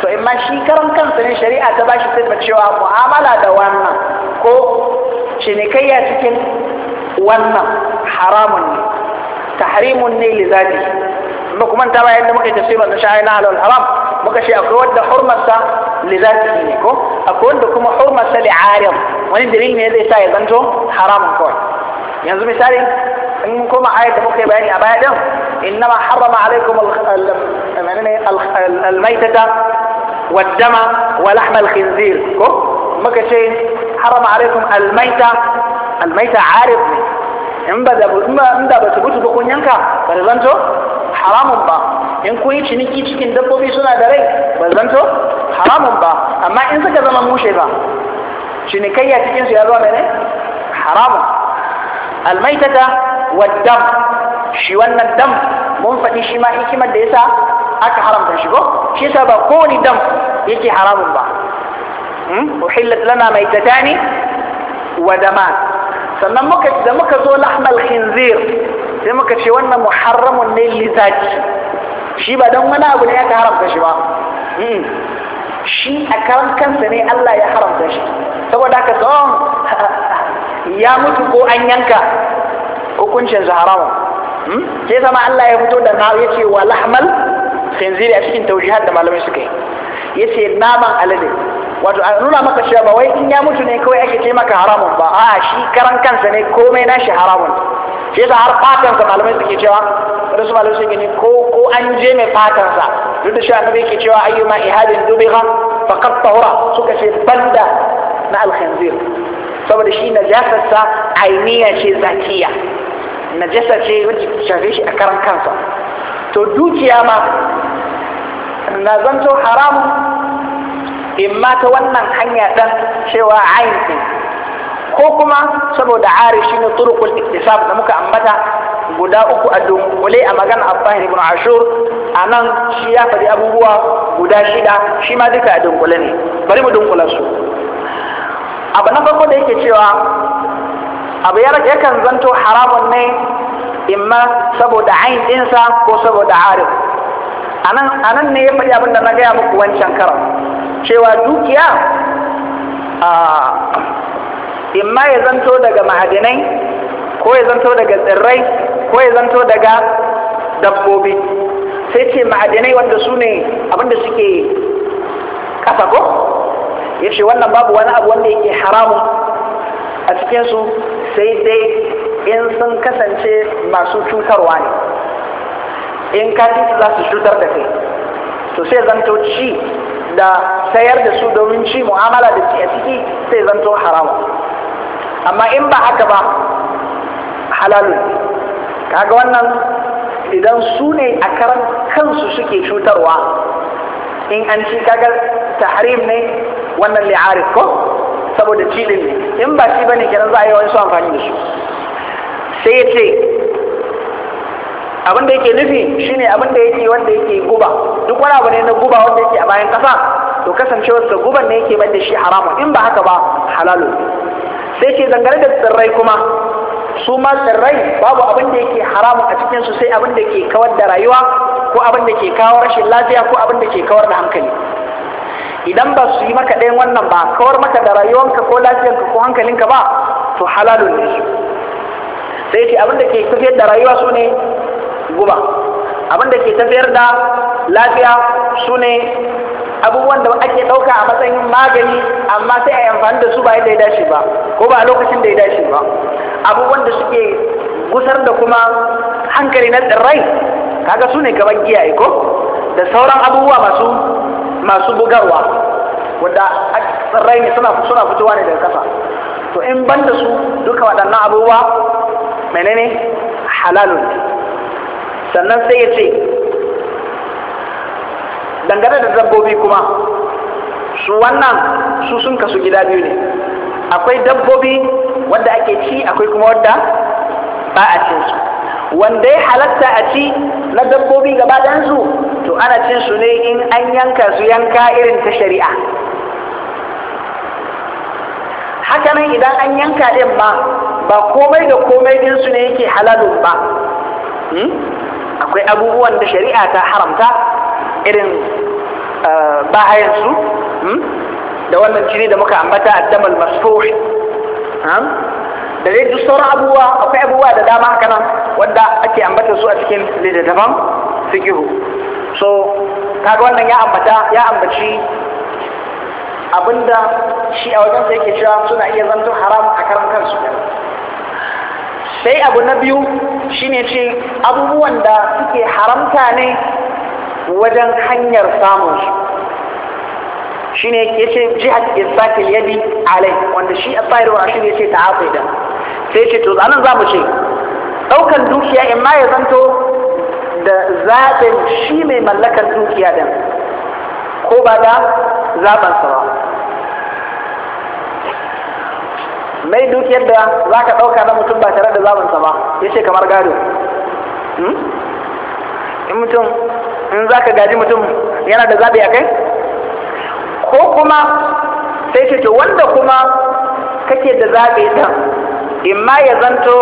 to in ma shi karan kansa ne shari'a ta bashi shi cewa mu'amala da wannan ko cinikayya cikin wannan haramun ne tahrimun ne lizadi kuma ta bayan da muka yi tafsirar na na halal haram muka ce akwai wanda hurmarsa li zatihi ne ko akwai wanda kuma hurmarsa li arim wani dalil ne zai sa ya zanto haramun kawai yanzu misali in kuma koma ayat da muka yi bayani a baya din innama harrama alaikum al-maitata والدم al-khinzir ko muka ce harrama alaikum al-maita almaita almaita arif ne in ba da da ba su mutu ba kun yanka ba da zanto haramun ba in kun yi ciniki cikin dabbobi suna da rai ba zanto haramun ba amma in suka zama mushe ba cinikayya cikin su ya zo mene haramun almaitata wa dam shi wannan dam mun faɗi shi ma hikimar da yasa aka haramta shi ko shi yasa ba kowani dam yake haramun ba uhillat lana maitatani wa dama sannan muka da muka zo lahmal khinzir sai muka ce wannan muharramun ne lizati shi ba don wani abu ne aka haramta shi ba hmm. shi a karan kansa ne Allah ya haramta shi saboda haka tsawon ya mutu ko an yanka hukuncin haramun hmm. sai sama Allah ya fito da na ya ce wa lahmal khinziri a cikin taujihar da malamai suka yi ya ce naman alade wato a nuna maka cewa ba wai in ya mutu ne kawai ake taimaka haramun ba a shi karan kansa ne komai na shi haramun shi yasa har fatansa malamai suke cewa wani su malamai suke ne ko ko an je mai fatansa duk da shi annabi yake cewa ayyuma ihadin dubiha faqad tahura suka ce banda na alkhanzir saboda shi sa ainiya ce zakiya najasa ce wacce shafe shi a karan kansa to dukiya ma na zanto haramun in ta wannan hanya ɗan cewa ayin ko kuma saboda ari shi ne turukul iktisab da muka ambata guda uku a dunkule a magana abbahin ibn ashur a nan shi ya faɗi abubuwa guda shida shi ma duka a dunkule ne bari mu dunkula su abu na farko da yake cewa abu yakan zanto haramun ne imma saboda ayin ɗinsa ko saboda ari a nan ne ya faɗi abin da na gaya muku wancan karan cewa dukiya imma ya zanto daga ma'adinai ko ya zanto daga tsirrai ko ya zanto daga dabbobi sai ce ma'adinai wanda su ne abinda suke kafa ko ya ce wannan babu wani abu wanda yake haramun a cikinsu sai dai in sun kasance masu cutarwa ne in ka za su cutar da kai to sai zanto ci da sayar da su domin ci mu'amala da ci a ciki sai zanto haram amma in ba haka ba halalun kaga wannan idan su ne a karan kansu suke cutarwa in an ci kaga tahrim ne wannan li'arif ko saboda cilin ne in ba shi bane kenan za a yi wani su amfani da su sai ya ce abin da yake nufi shine abin da yake wanda yake guba duk wani abu ne na guba wanda yake a bayan kasa to kasancewar sa guban ne yake bada shi harama. in ba haka ba halalu sai ke dangane da tsirrai kuma su ma tsirrai babu abin da yake haramu a cikin su sai abin da ke kawar da rayuwa ko abin da ke kawo rashin lafiya ko abin da ke kawar da hankali idan ba su yi maka ɗayan wannan ba kawar maka da rayuwanka ko lafiyanka ko hankalinka ba to halalu ne sai ce abin da ke kufiyar da rayuwa su ne guba abinda ke tafiyar da lafiya su ne abubuwan da ake ɗauka a matsayin magani amma sai a yi amfani da su ba yadda ya dace ba ko ba a lokacin da ya dace ba abubuwan da suke gusar da kuma hankali na tsirrai kaga su ne gaban giyaye ko da sauran abubuwa masu masu bugarwa wanda tsirrai ne suna suna fitowa ne daga kasa to in banda su duka waɗannan abubuwa menene halalun sannan sai ya ce dangane da dabbobi kuma su wannan su sun kasu gida biyu ne akwai dabbobi wanda ake ci akwai kuma wadda ba a cin su wanda ya halatta a ci na dabbobi gaba ɗansu to ana cin su ne in an yanka su yanka irin ta shari'a hakanan idan an yanka ɗin ba ba komai da komai ɗinsu ne yake halalun ba hmm? akwai abubuwan da shari'a ta haramta irin eh, bahayansu hmm? da wannan jini da muka ambata damar masfuh hmm? da dai duk sauran abubuwa akwai abubuwa da dama haka nan wanda ake ambata su a cikin littattafan fikihu so kaga wannan ya ambata ya ambaci abinda shi a wajen su yake cewa suna iya zanto haram a karan kansu sai abu na biyu shine ce abubuwan da suke haramta ne wajen hanyar samun su shine yace jihad isbatil yadi alai wanda shi asairu shi ne ce ta'afi da sai ce to zanan zamu ce Ɗaukar dukiya in ma ya zanto da zaɓin shi mai mallakar dukiya din ko ba da zaɓensa ba mai dukiyar da za ka ɗauka na mutum ba tare da zamansa ba ya ce kamar gado hmm? in mutum in za ka gaji mutum yana da zaɓi a kai ko kuma sai ce wanda kuma kake da zaɓi in ma ya zanto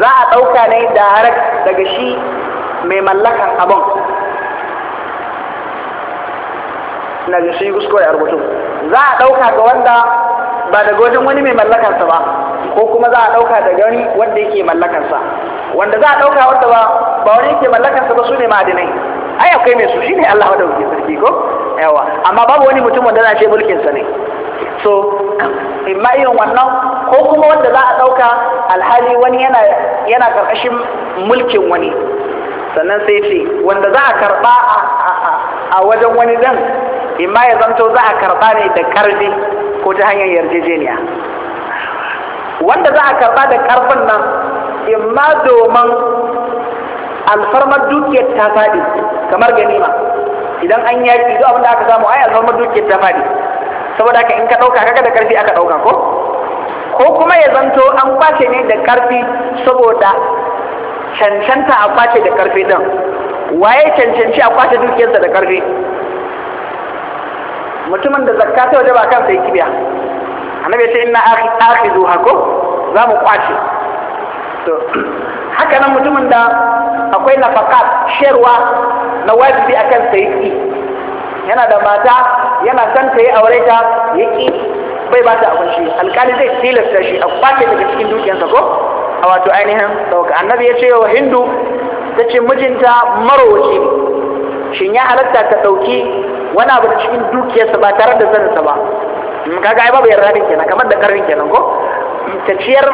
za a ɗauka ne da harak daga shi mai mallakan abin na jin shi kuskure a rubutu za a ɗauka ga wanda ba daga wajen wani mai mallakansa ba ko kuma za a ɗauka da gani wanda yake mallakansa wanda za a ɗauka wanda ba ba wani yake mallakansa ba su ne ma'adinai ai akwai mai su shi ne Allah wadda wuce sarki ko yawa amma babu wani mutum wanda za a ce mulkinsa ne so imma irin wannan ko kuma wanda za a ɗauka alhali wani yana yana karkashin mulkin wani sannan sai ce wanda za a karɓa a wajen wani dan imma ya zanto za a karɓa ne da karfi ko ta hanyar yarjejeniya wanda za a karɓa da karfin nan imma domin alfarmar dukiyar ta faɗi kamar ganima idan an yaki duk abin da aka samu ai alfarmar dukiyar ta faɗi saboda haka in ka ɗauka kaga da karfi aka ɗauka ko ko kuma ya zanto an kwashe ne da karfi saboda cancanta a kwace da karfi din waye cancanci a kwace dukiyarsa da karfe mutumin da zakka ta waje ba kansa yi kibiya annabi ce inna akhidhu hako za mu kwace to haka nan mutumin da akwai nafakat sherwa na wajibi akan kan yaki yana da mata yana son ta yi aure ta yi bai ba ta abin shi alƙali zai tilasta shi a kwace daga cikin dukiyarsa ko a wato ainihin sauka annabi ya ce wa hindu ta ce mijinta marowaci shi shin ya halatta ta ɗauki wani abu da cikin dukiyarsa ba tare da saninsa ba mm, kaga ai babu yarda din kenan kamar da karin kenan ko mm, ta ciyar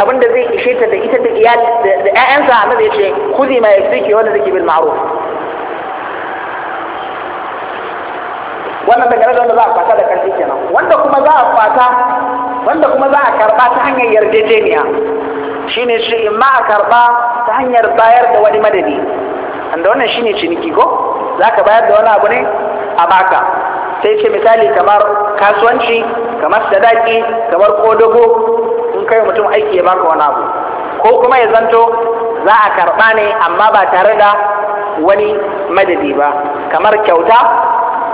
abinda zai ishe ta da ita da iyali da ƴaƴansa annabi ya ce kuzi ma yasiki wanda ke bil ma'ruf wannan dangane da wanda za a fata da karfi kenan wanda kuma za a fata wanda kuma za a karba ta hanyar yarjejeniya shine shi imma a karba ta hanyar bayar da wani madadi wanda wannan shine ciniki ko za ka bayar da wani abu ne a baka sai ce misali kamar kasuwanci kamar sadaki kamar kodogo in kai mutum aiki ya baka wani abu ko kuma ya zanto za a karba ne amma ba tare da wani madadi ba kamar kyauta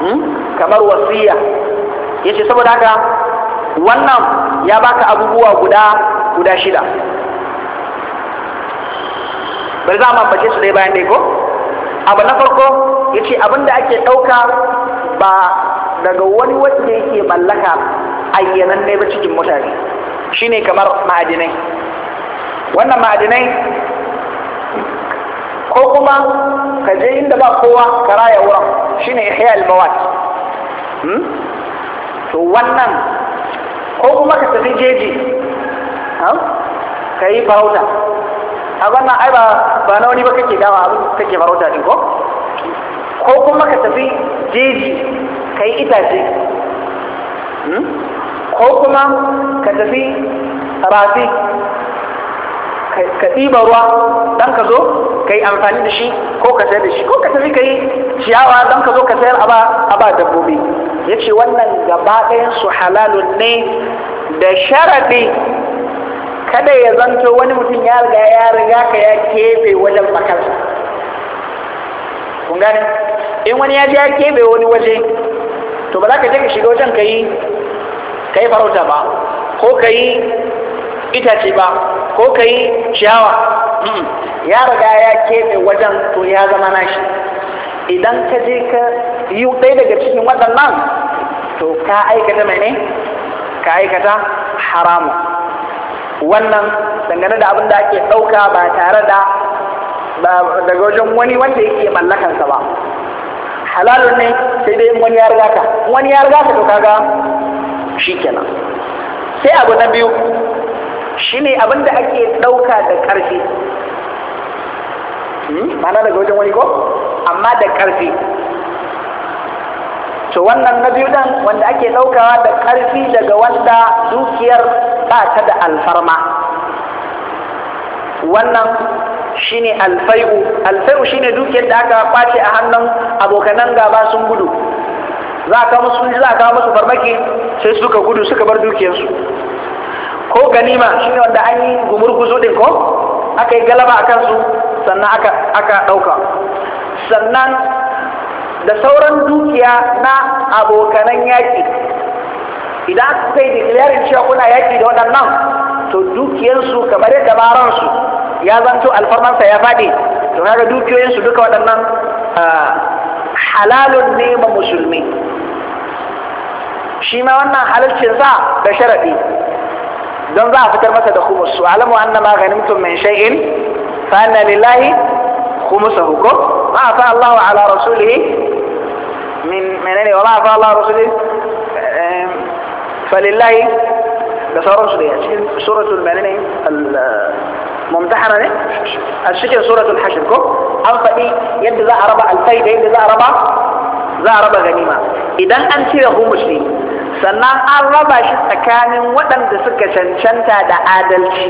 Hmm? kamar wasiya yace saboda haka wannan ya baka abubuwa guda guda shida bari za mu ambace su dai bayan dai ko abu na farko yace abinda ake ɗauka ba daga wani wanda yake mallaka ayyanan ne ba cikin mutane shine kamar ma'adinai wannan ma'adinai ko kuma ka je inda ba kowa ka raya wurin shi ne ihya al-mawat hmm? to wannan ko kuma ka tafi jeji ka yi farauta a wannan ai ba ba na wani ba kake dawa abin kake farauta din ko ko kuma ka tafi jeji ka yi itace hmm? ko kuma ka tafi rafi ka ɗiba ruwa dan ka zo ka yi amfani da shi ko ka sayar da shi ko ka tafi ka yi ciyawa dan ka zo ka sayar a ba dabbobi ya ce wannan gaba ɗayan su halalun ne da sharaɗi kada ya zanto wani mutum ya riga ya riga ka ya kebe wajen makarsa kun gane in wani ya je ya kebe wani waje to ba za ka je ka shiga wajen ka yi ka yi farauta ba ko ka yi itace ba ko ka yi ciyawa ya riga ya keɓe wajen to ya zama nashi idan ka je ka yi ɗaya daga cikin waɗannan to ka aikata mai ne ka aikata haramu wannan dangane da abin da ake ɗauka ba tare da daga wajen wani wanda yake mallakansa ba halalun ne sai dai wani ya riga ka wani ya riga ka to kaga shikenan sai abu na biyu shine ne da ake ɗauka da ƙarfi mana hmm? daga wajen wani ko amma da ƙarfi to wannan na biyu dan wanda ake ɗaukawa da ƙarfi daga wanda dukiyar ba ta da alfarma wannan shine alfai'u alfai'u shi ne dukiyar da aka kwace a hannun abokanan gaba sun gudu za a kawo musu farmaki sai suka gudu suka bar dukiyarsu ko ganima shi ne wanda an yi gumurguzo din ko aka yi galaba a kansu sannan aka ɗauka sannan da sauran dukiya na abokanan yaƙi idan aka kai declaring cewa kuna yaƙi da waɗannan to dukiyarsu kamar yadda baransu ya zanto alfarmansa ya faɗi to kaga dukiyoyinsu duka waɗannan halalun ne ma musulmi shi ma wannan halalcinsa da sharaɗi دون ضع فتر متى خمس واعلموا ان ما غنمتم من شيء فان لله خمسه كم ما عفى الله على رسوله من من اني وما عفى الله رسوله فلله لصار رسوله يعني سورة المعنين الممتحنة الشكل سورة الحشر كم أو فإي يد ذا عربة الفايدة يد ذا عربة ذا عربة غنيمة إذا أنت ذا خمسين sannan an raba shi tsakanin waɗanda suka cancanta da adalci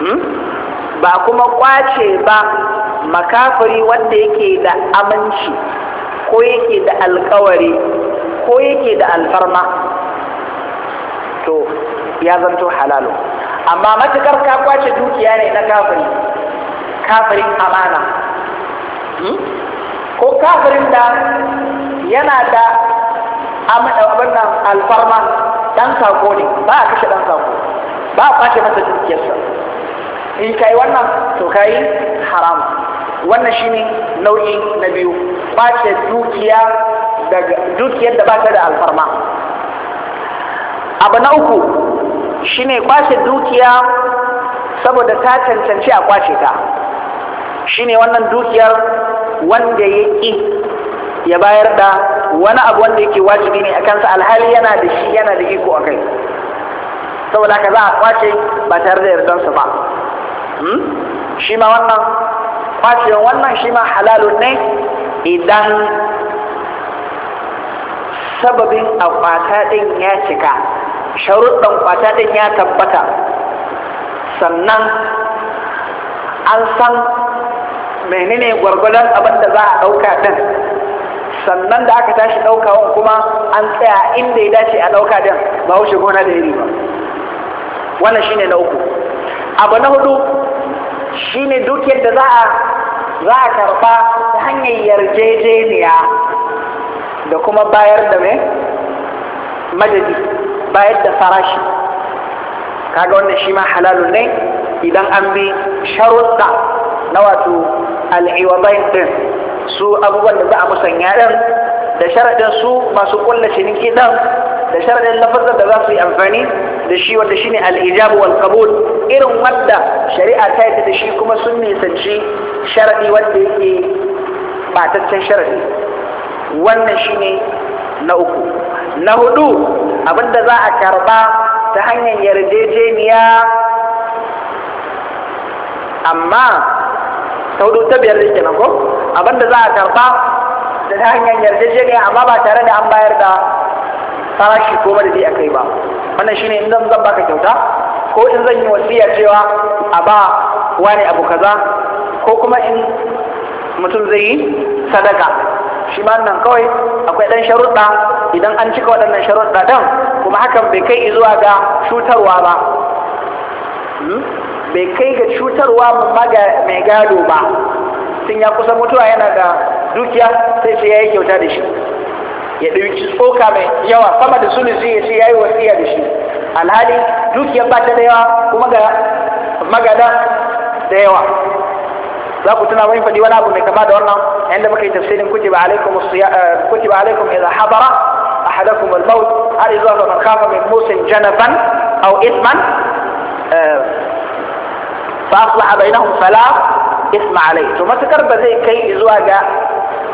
hmm? ba kuma kwace ba makafiri wanda yake da aminci ko yake da alkawari ko yake da alfarma to ya zanto halalu amma matukar ka kwace dukiya ne na kafiri kafirin amana hmm? ko kafirin da yana da wannan alfarma dan sako ne ba a kashe dan sako ba a kwace masa dukiyarsa in kai wannan to kai haram wannan shine nau'i na biyu kwace dukiya daga dukiyar da ba ta da alfarma abu na uku shine kwace dukiya saboda ta cancanci a kwace ta shine wannan dukiyar wanda ya ƙi ya bayar da wani abu wanda yake wajibi ne a kansa alhali yana da shi yana da iko a kai saboda ka za a kwace ba tare da yardansa ba hmm? shi ma wannan kwacewa wannan shi ma halalun ne idan sababin a kwata din ya cika sharuɗin kwata din ya tabbata sannan an san menene gwargwadon abin da za a ɗauka ɗin sannan da aka tashi ɗaukawan kuma an tsaya inda ya dace a ɗauka din ba wuce gona da iri ba wannan shine na uku abu na hudu shine dukiyar da za a za a karɓa ta hanyar yarjejeniya da kuma bayar da mai madadi bayar da farashi kaga wannan shi ma halalun ne idan an bi sharuɗa na wato al'iwabai din su abubuwan da za a musanya ɗin da sharaɗin su masu ƙulla ciniki ɗan, da sharaɗin lafazar da za su yi amfani da shi wanda shine al'ijabu wal qabul irin wanda shari'a ta yi da shi kuma sun nisanci sharaɗi wanda yake ɓataccen sharaɗi wannan shine na uku na hudu abinda za a karɓa ta hanyar yarjejeniya amma ta hudu ta biyar da ko da za a karba da ta hanyar yarjejeniya amma ba tare da an bayar da farashi ko madadi a kai ba wannan shine in zan baka kyauta ko in zan yi wasiya cewa a ba wani abu kaza ko kuma in mutum zai yi sadaka shi ma nan kawai akwai ɗan sharuɗa idan an cika waɗannan sharuɗa dan kuma hakan bai kai zuwa ga cutarwa ba hmm? bai kai ga cutarwa mai gado ba mutum ya kusa mutuwa yana da dukiya sai sai yayi kyauta da shi ya dauki tsoka mai yawa sama da sulusi zai sai yayi wasiya da shi alhali dukiya ba ta da yawa kuma ga magada da yawa za ku tuna wani fadi wani abu mai kama da wannan yadda muka yi tafsirin kutiba alaikum kutiba alaikum idza habara ahadakum al-maut har zuwa ga man khafa min musin janaban aw ithman fa aslaha bainahum fala isma alai to matukar ba zai kai zuwa ga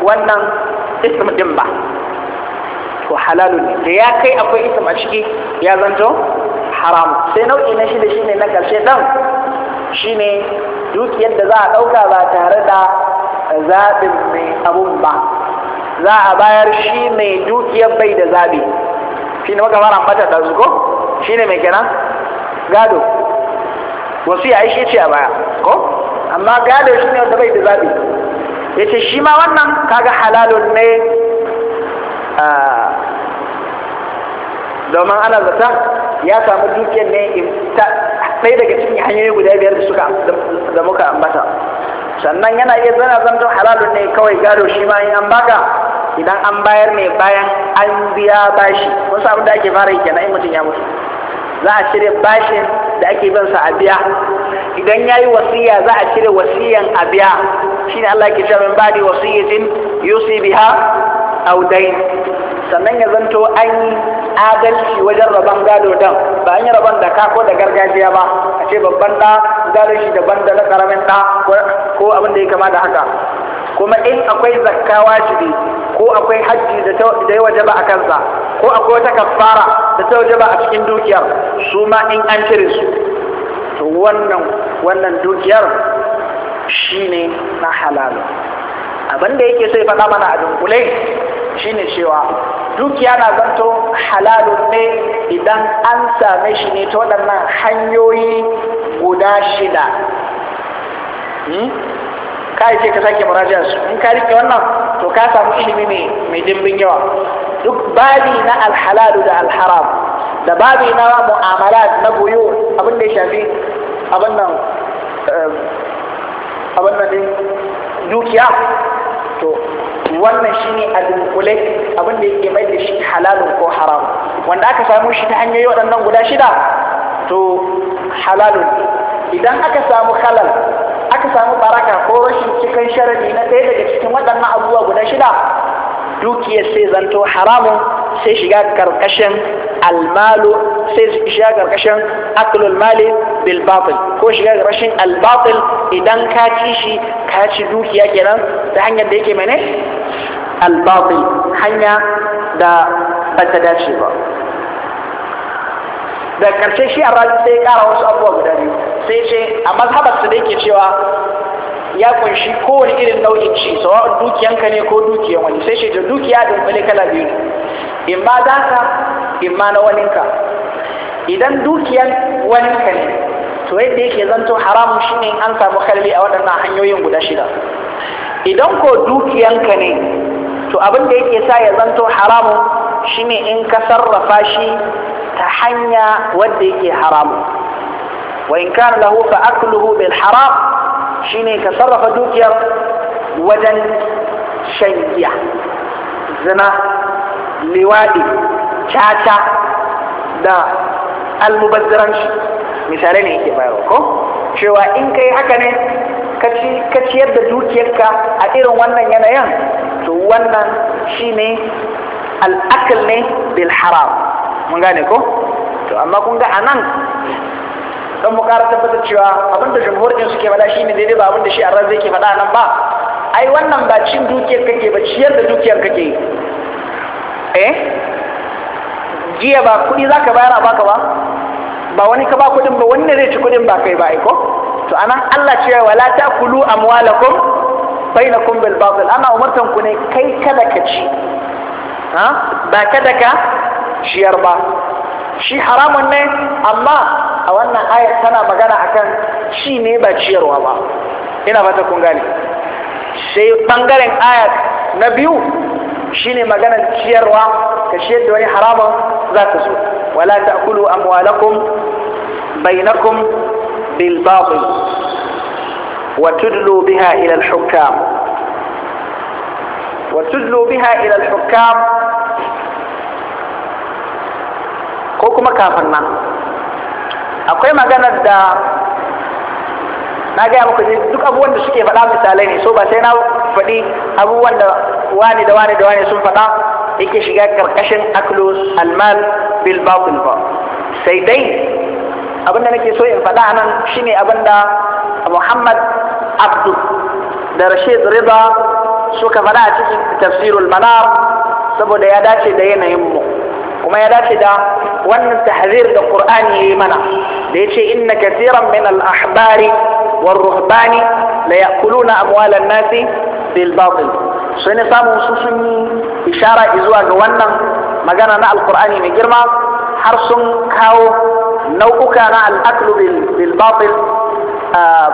wannan ism din ba to halalu ne da ya kai akwai ism a ciki ya zanto haram sai nau'i na shida shine na karshe dan shine dukiyar da za a dauka ba tare da zaɓin mai abun ba za a bayar shi mai dukiyar bai da zaɓi shi ne makamar ambata da zuko shi ne mai kenan gado wasu ya yi shi ce a baya ko amma gado shi ne wanda bai da zaɓi ya ce shi ma wannan kaga halalun ne domin ana zata ya samu dukiyar ne ta ɗaya daga cikin hanyoyi guda biyar da suka da muka ambata sannan yana iya zana zanto halalun ne kawai gado shi ma in an baka idan an bayar ne bayan an biya bashi wasu abin da ake fara yi kenan in mutum ya mutu za a cire bashin da ake bin sa a biya idan yayi wasiya za a cire wasiyan a biya shine Allah ke cewa min ba'di wasiyatin yusi biha aw dain sannan ya zanto an yi adalci wajen rabon gado dan ba an yi rabon da ko da gargajiya ba a ce babban da gado shi daban da na karamin da ko abin da ya kama da haka kuma in akwai zakka wajibi ko akwai hajji da ya wajaba a kansa ko akwai wata kafara da ta wajaba a cikin dukiyar su ma in an cire su to wannan wannan dukiyar shine na halalu abin da yake sai faɗa mana a dunkule shine cewa dukiya na zanto halalu ne idan an same shi ne ta waɗannan hanyoyi guda shida hmm? ka je ka sake muraja su in ka rike wannan to ka samu ilimi ne mai dimbin yawa duk babi na alhalalu da alharam da babi na mu'amalat na goyo abin da ya shafi abin nan eh, abin nan dukiya to wannan shine a dunkule abin da yake mai da shi halalun ko haram wanda aka samu shi ta hanyoyi waɗannan guda shida to halalun idan aka samu halal aka samu baraka ko rashin cikin sharadi na ɗaya daga cikin waɗannan abubuwa guda shida dukiyar sai zanto haramun sai shiga karkashin almalu sai shiga karkashin aklul mali bil ko shiga rashin albatil idan ka ci shi ka ci dukiya kenan ta hanyar da yake mene albatil hanya da bata dace ba da karshe shi a razi sai ya kara wasu abubuwa guda biyu sai ce a mazhabar su da yake cewa ya kunshi kowane irin nau'in ci sawa'un dukiyanka ne ko dukiyan wani sai ce da dukiya da kwale kala biyu ne in ma za ka in ma na waninka idan dukiyan waninka ne to yadda yake zanto haramun shi ne an samu kalli a waɗannan hanyoyin guda shida idan ko dukiyanka ne to abin da yake sa ya zanto haramun shi ne in ka sarrafa shi ta hanya wadda yake haramu wa in kana lahu fa akluhu bil haram shine ka sarrafa dukiyar wajen shan giya zina liwadi caca da shi misalai ne yake bayarwa ko cewa in kai haka ne ka ciyar da dukiyarka a irin wannan yanayin to wannan shine al'akal ne bil haram mun gane ko to amma kun ga anan don mu ƙara tabbatar cewa abinda jumhur din suke faɗa shine daidai ba abinda shi zai ke faɗa nan ba ai wannan ba cin dukiyar kake ba ciyar da dukiyar kake eh jiya ba kuɗi za ka bayar a baka ba ba wani ka ba kuɗin ba wani zai ci kuɗin ba kai ba ai ko to anan Allah cewa wala takulu amwalakum bainakum bil batil ana umartan ku ne kai kada ka ci ha ba kada ka ciyar ba shi haramun ne amma a wannan ayar tana magana akan ci ne ba ciyarwa ba ina fata kun gane sai bangaren ayar na biyu shine magana ciyarwa ka ciyar da wani haramun za ka zo wala ta'kulu amwalakum bainakum bil batil wa tudlu biha ila al-hukam wa tudlu biha ila al hukam ko kuma kafin nan akwai maganar da na gaya muku duk abubuwan da suke faɗa misalai ne so ba sai na faɗi abubuwan da wani da wani da wani sun faɗa yake shiga karkashin aklus almal bil batil ba sai dai abinda nake so in faɗa anan shine abinda Muhammad Abdu da Rashid Rida suka faɗa a cikin tafsirul manar saboda ya dace da yanayin mu kuma ya dace da wannan tahzir da qur'ani yayi mana da yace inna kaseeran min al-ahbari war-ruhbani la ya'kuluna amwal an-nasi bil batil sai ne samu su sun ishara zuwa ga wannan magana na Alkur'ani mai girma har sun kawo nau'uka na al-aklu bil batil ah,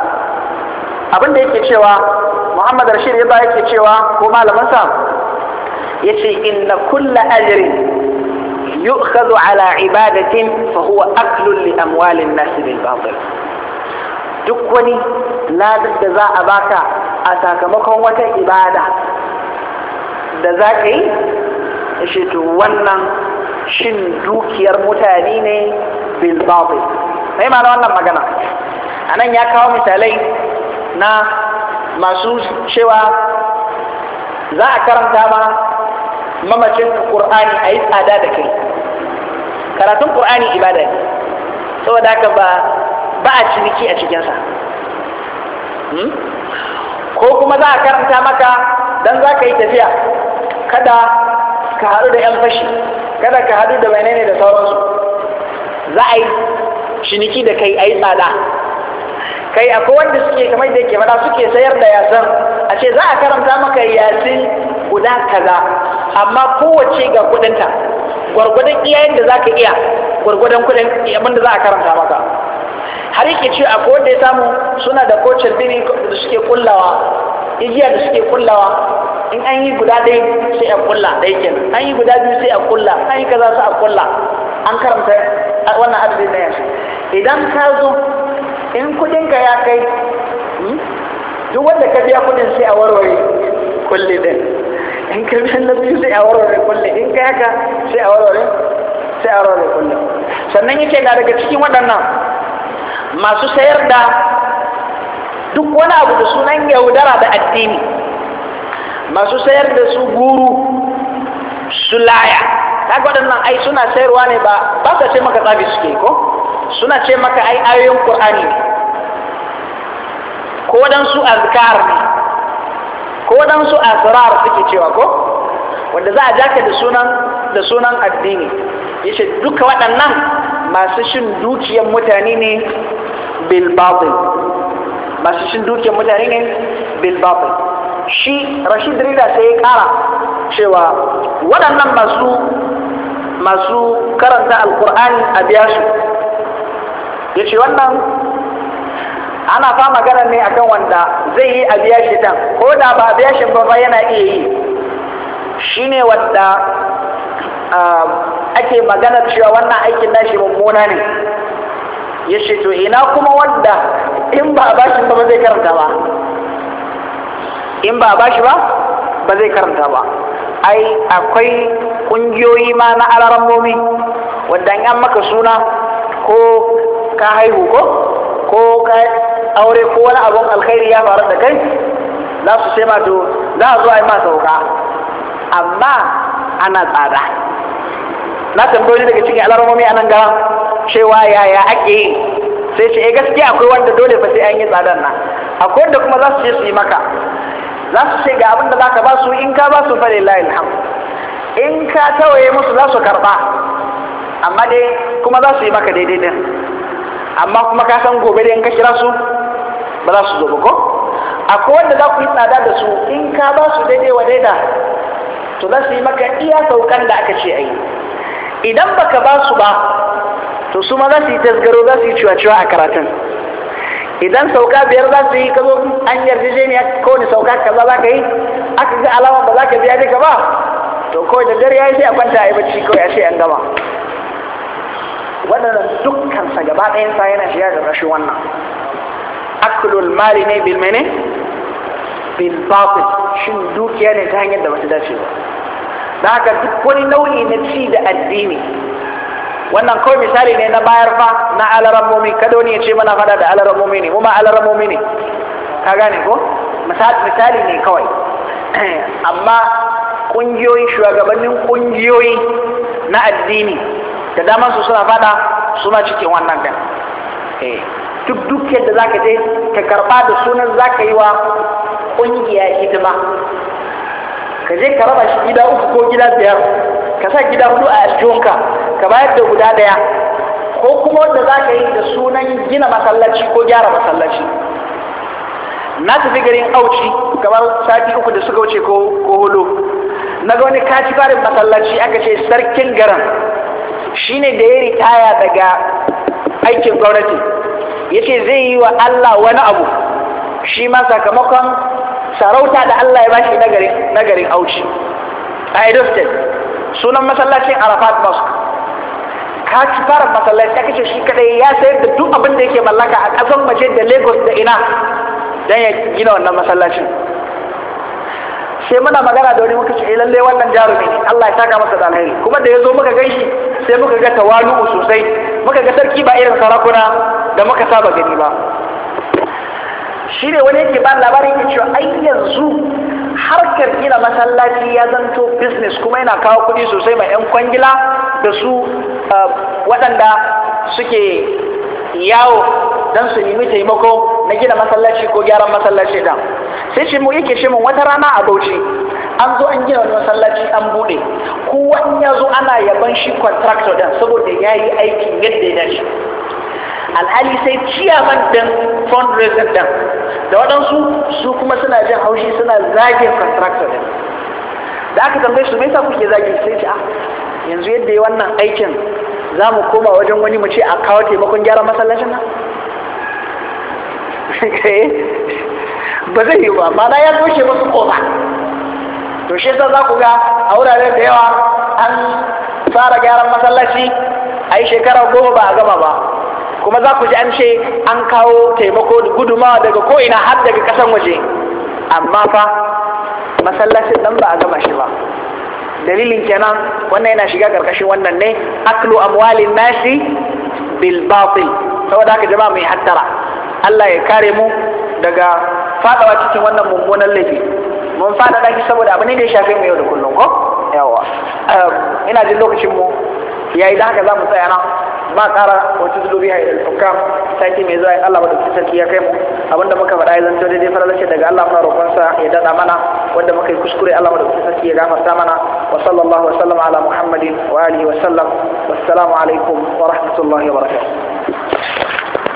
abin da yake cewa Muhammad Rashid yaba yake cewa ko malamin yace inna kulla ajrin yu'khadhu ala ibadatin fa huwa aklun li amwalin nas bil batil duk wani ladar da za a baka a sakamakon wata ibada da za ka yi shi to wannan shin dukiyar mutane ne bil batil mai wannan magana anan ya kawo misalai na masu cewa za a karanta ba. mamacin ƙurani a yi tsada da kai karatun ƙur'ani ibada ne saboda haka ba ba a ciniki a cikinsa hmm? ko kuma za a karanta maka don za ka yi tafiya kada ka haɗu da 'yan fashi kada ka haɗu da ne da sauransu za a yi ciniki da kai a yi tsada kai akwai wanda suke kamar da yake faɗa suke sayar da yasan a ce za a karanta maka yasin guda kaza amma kowace ga kudinta gwargwadon iyayen da za ka iya gwargwadon kudin abin da za a karanta maka har yake ce akwai wanda ya samu suna da kocin bini da suke kullawa igiya da suke kullawa in an yi guda ɗaya sai a kulla ɗaya kenan an yi guda biyu sai a kulla an yi kaza sai a kulla an karanta wannan adadin na yanzu idan ka zo in ka ya kai hmm? duk wanda ka biya kudin sai a warware kulle din in ka biya na biyu sai a warware kulle in ka yaka sai a warware sai a warware kulle sannan yake na daga cikin waɗannan masu sayar da duk wani abu da sunan yaudara da addini masu sayar da su guru su laya kaga waɗannan ai suna sayarwa ne ba ba sa ce maka tsabi suke ko suna ce maka ai ayoyin ƙur'ani ne ko su azkar ne ko su asrar suke cewa ko wanda za a jaka da sunan da sunan addini yace duka waɗannan masu shin dukiyar mutane ne bil babu masu shin dukiyar mutane ne bil babu shi Rashid Rida sai ya kara cewa waɗannan masu masu karanta alkur'ani a biya su ya ce wannan ana fa magana ne akan wanda zai yi a shi dan ko da ba a shi ba yana iya yi shine wanda ake magana cewa wannan aikin nashi mummuna ne ya ce to ina kuma wanda in ba a bashin ba ba zai karanta ba in ba a bashi ba ba zai karanta ba ai akwai kungiyoyi ma na alarammomi wadda an maka suna ko ka haihu ko ko ka aure ko wani abun alkhairi ya faru da kai za su ce ma to za a zo a yi ma sauka amma ana tsada na tambayoyi daga cikin alarmomi a nan ga cewa yaya ake yi sai ce eh gaskiya akwai wanda dole ba sai an yi tsadan nan akwai wanda kuma za su ce su yi maka za su ce ga abin da za ka ba su in ka ba su fa lillahi alhamd in ka tawaye musu za su karba amma dai kuma za su yi maka daidai din amma kuma ka san gobe da in ka kira su ba za su zo ba ko akwai wanda za ku yi tsada da su in ka ba su daidai wa daida to za su yi maka iya saukan da aka ce a yi idan baka ba su ba to su ma za su yi tasgaro za su yi ciwa-ciwa a karatun idan sauka biyar za su yi kazo an yarjejeniya ko ne sauka kaza za ka yi aka ga alama ba za ka biya duka ba to kawai da dare ya yi sai a kwanta a yi bacci kawai a ce an gama waɗannan dukkansa gaba ɗayansa yana shiga da rashin wannan akulul mali ne bil mene bil batil shin dukiya ne ta hanyar da ta dace ba da haka duk wani nau'i na ci da addini wannan kawai misali ne na bayar fa na alarammomi kada wani ya ce mana fada da alarammomi ne kuma alarammomi ne ka gane ko misali ne kawai amma ƙungiyoyi shugabannin ƙungiyoyi na addini da daman su suna fada suna cikin wannan din eh, duk duk yadda ka je ka karba da sunan za ka yi wa ƙungiya hidima ka je ka raba shi gida uku ko gida biyar ka sa gida hudu a aljihunka ka bayar da guda daya ko kuma wanda za ka yi da sunan gina masallaci ko gyara masallaci na tafi garin auci kamar sati uku da suka wuce ko hulu na ga wani kaci barin masallaci aka ce sarkin garin shine da ya ritaya daga aikin gwamnati yace zai yi wa Allah wani abu shi ma sakamakon sarauta da Allah ya bashi na garin auci a Edo State sunan masallacin Arafat Mosque ka ci fara masallaci ya kace shi kadai ya sayar da duk abin da yake mallaka a kasan mace da Lagos da ina dan ya gina wannan masallacin sai muna magana da wani muka ce eh, lalle wannan jarumi ne Allah ya saka masa da alheri kuma da ya zo muka ganshi sai muka ga tawalu'u sosai muka ga sarki ba irin sarakuna da muka saba gani ba shi wani yake ba labarin ya ce ai yanzu harkar gina masallaci ya zanto business kuma yana kawo kuɗi sosai mai 'yan kwangila da su ah, waɗanda suke yawo don su nemi taimako na gina masallaci ko gyaran masallaci da sai shi mu yake shi mun wata rana a bauchi an zo an gina wani masallaci an bude ko in ya zo ana yaban shi contractor din saboda ya yi aikin yadda ya dace alhali sai ciyaman din fundraiser din da waɗansu su kuma suna jin haushi suna zagin contractor din da aka tambaye su mai sa kuke zagin sai ce ah, yanzu yadda ya wannan aikin za mu koma wajen wani mu ce a kawo taimakon gyara masallacin nan eh, ba zai yi ba ma na ya toshe masu koma to shi yasa za ku ga a wurare da yawa an fara gyaran masallaci a yi shekara goma ba a gama ba kuma za ku ji an ce an kawo taimako da gudumawa daga ko'ina har daga kasan waje amma fa masallacin nan ba a gama shi ba dalilin kenan wannan yana shiga karkashin wannan ne aklu amwalin nasi bil batil saboda haka jama'a mai hattara Allah ya kare mu daga fadawa cikin wannan mummunan laifi mun fada daki saboda abu ne da ya shafe mu yau da kullum ko yawa ina jin lokacin mu yayi da haka za mu tsaya na ba kara wata zulubi a ilal hukam sai mai zuwa Allah ba da sarki ya kai mu abinda muka faɗa ya dai daidai faralace daga Allah fara roƙon sa ya dada mana wanda muka yi kuskure Allah ba da sarki ya gafarta mana wa sallallahu wa sallama ala muhammadin wa alihi wa sallam wassalamu alaikum wa rahmatullahi wa barakatuh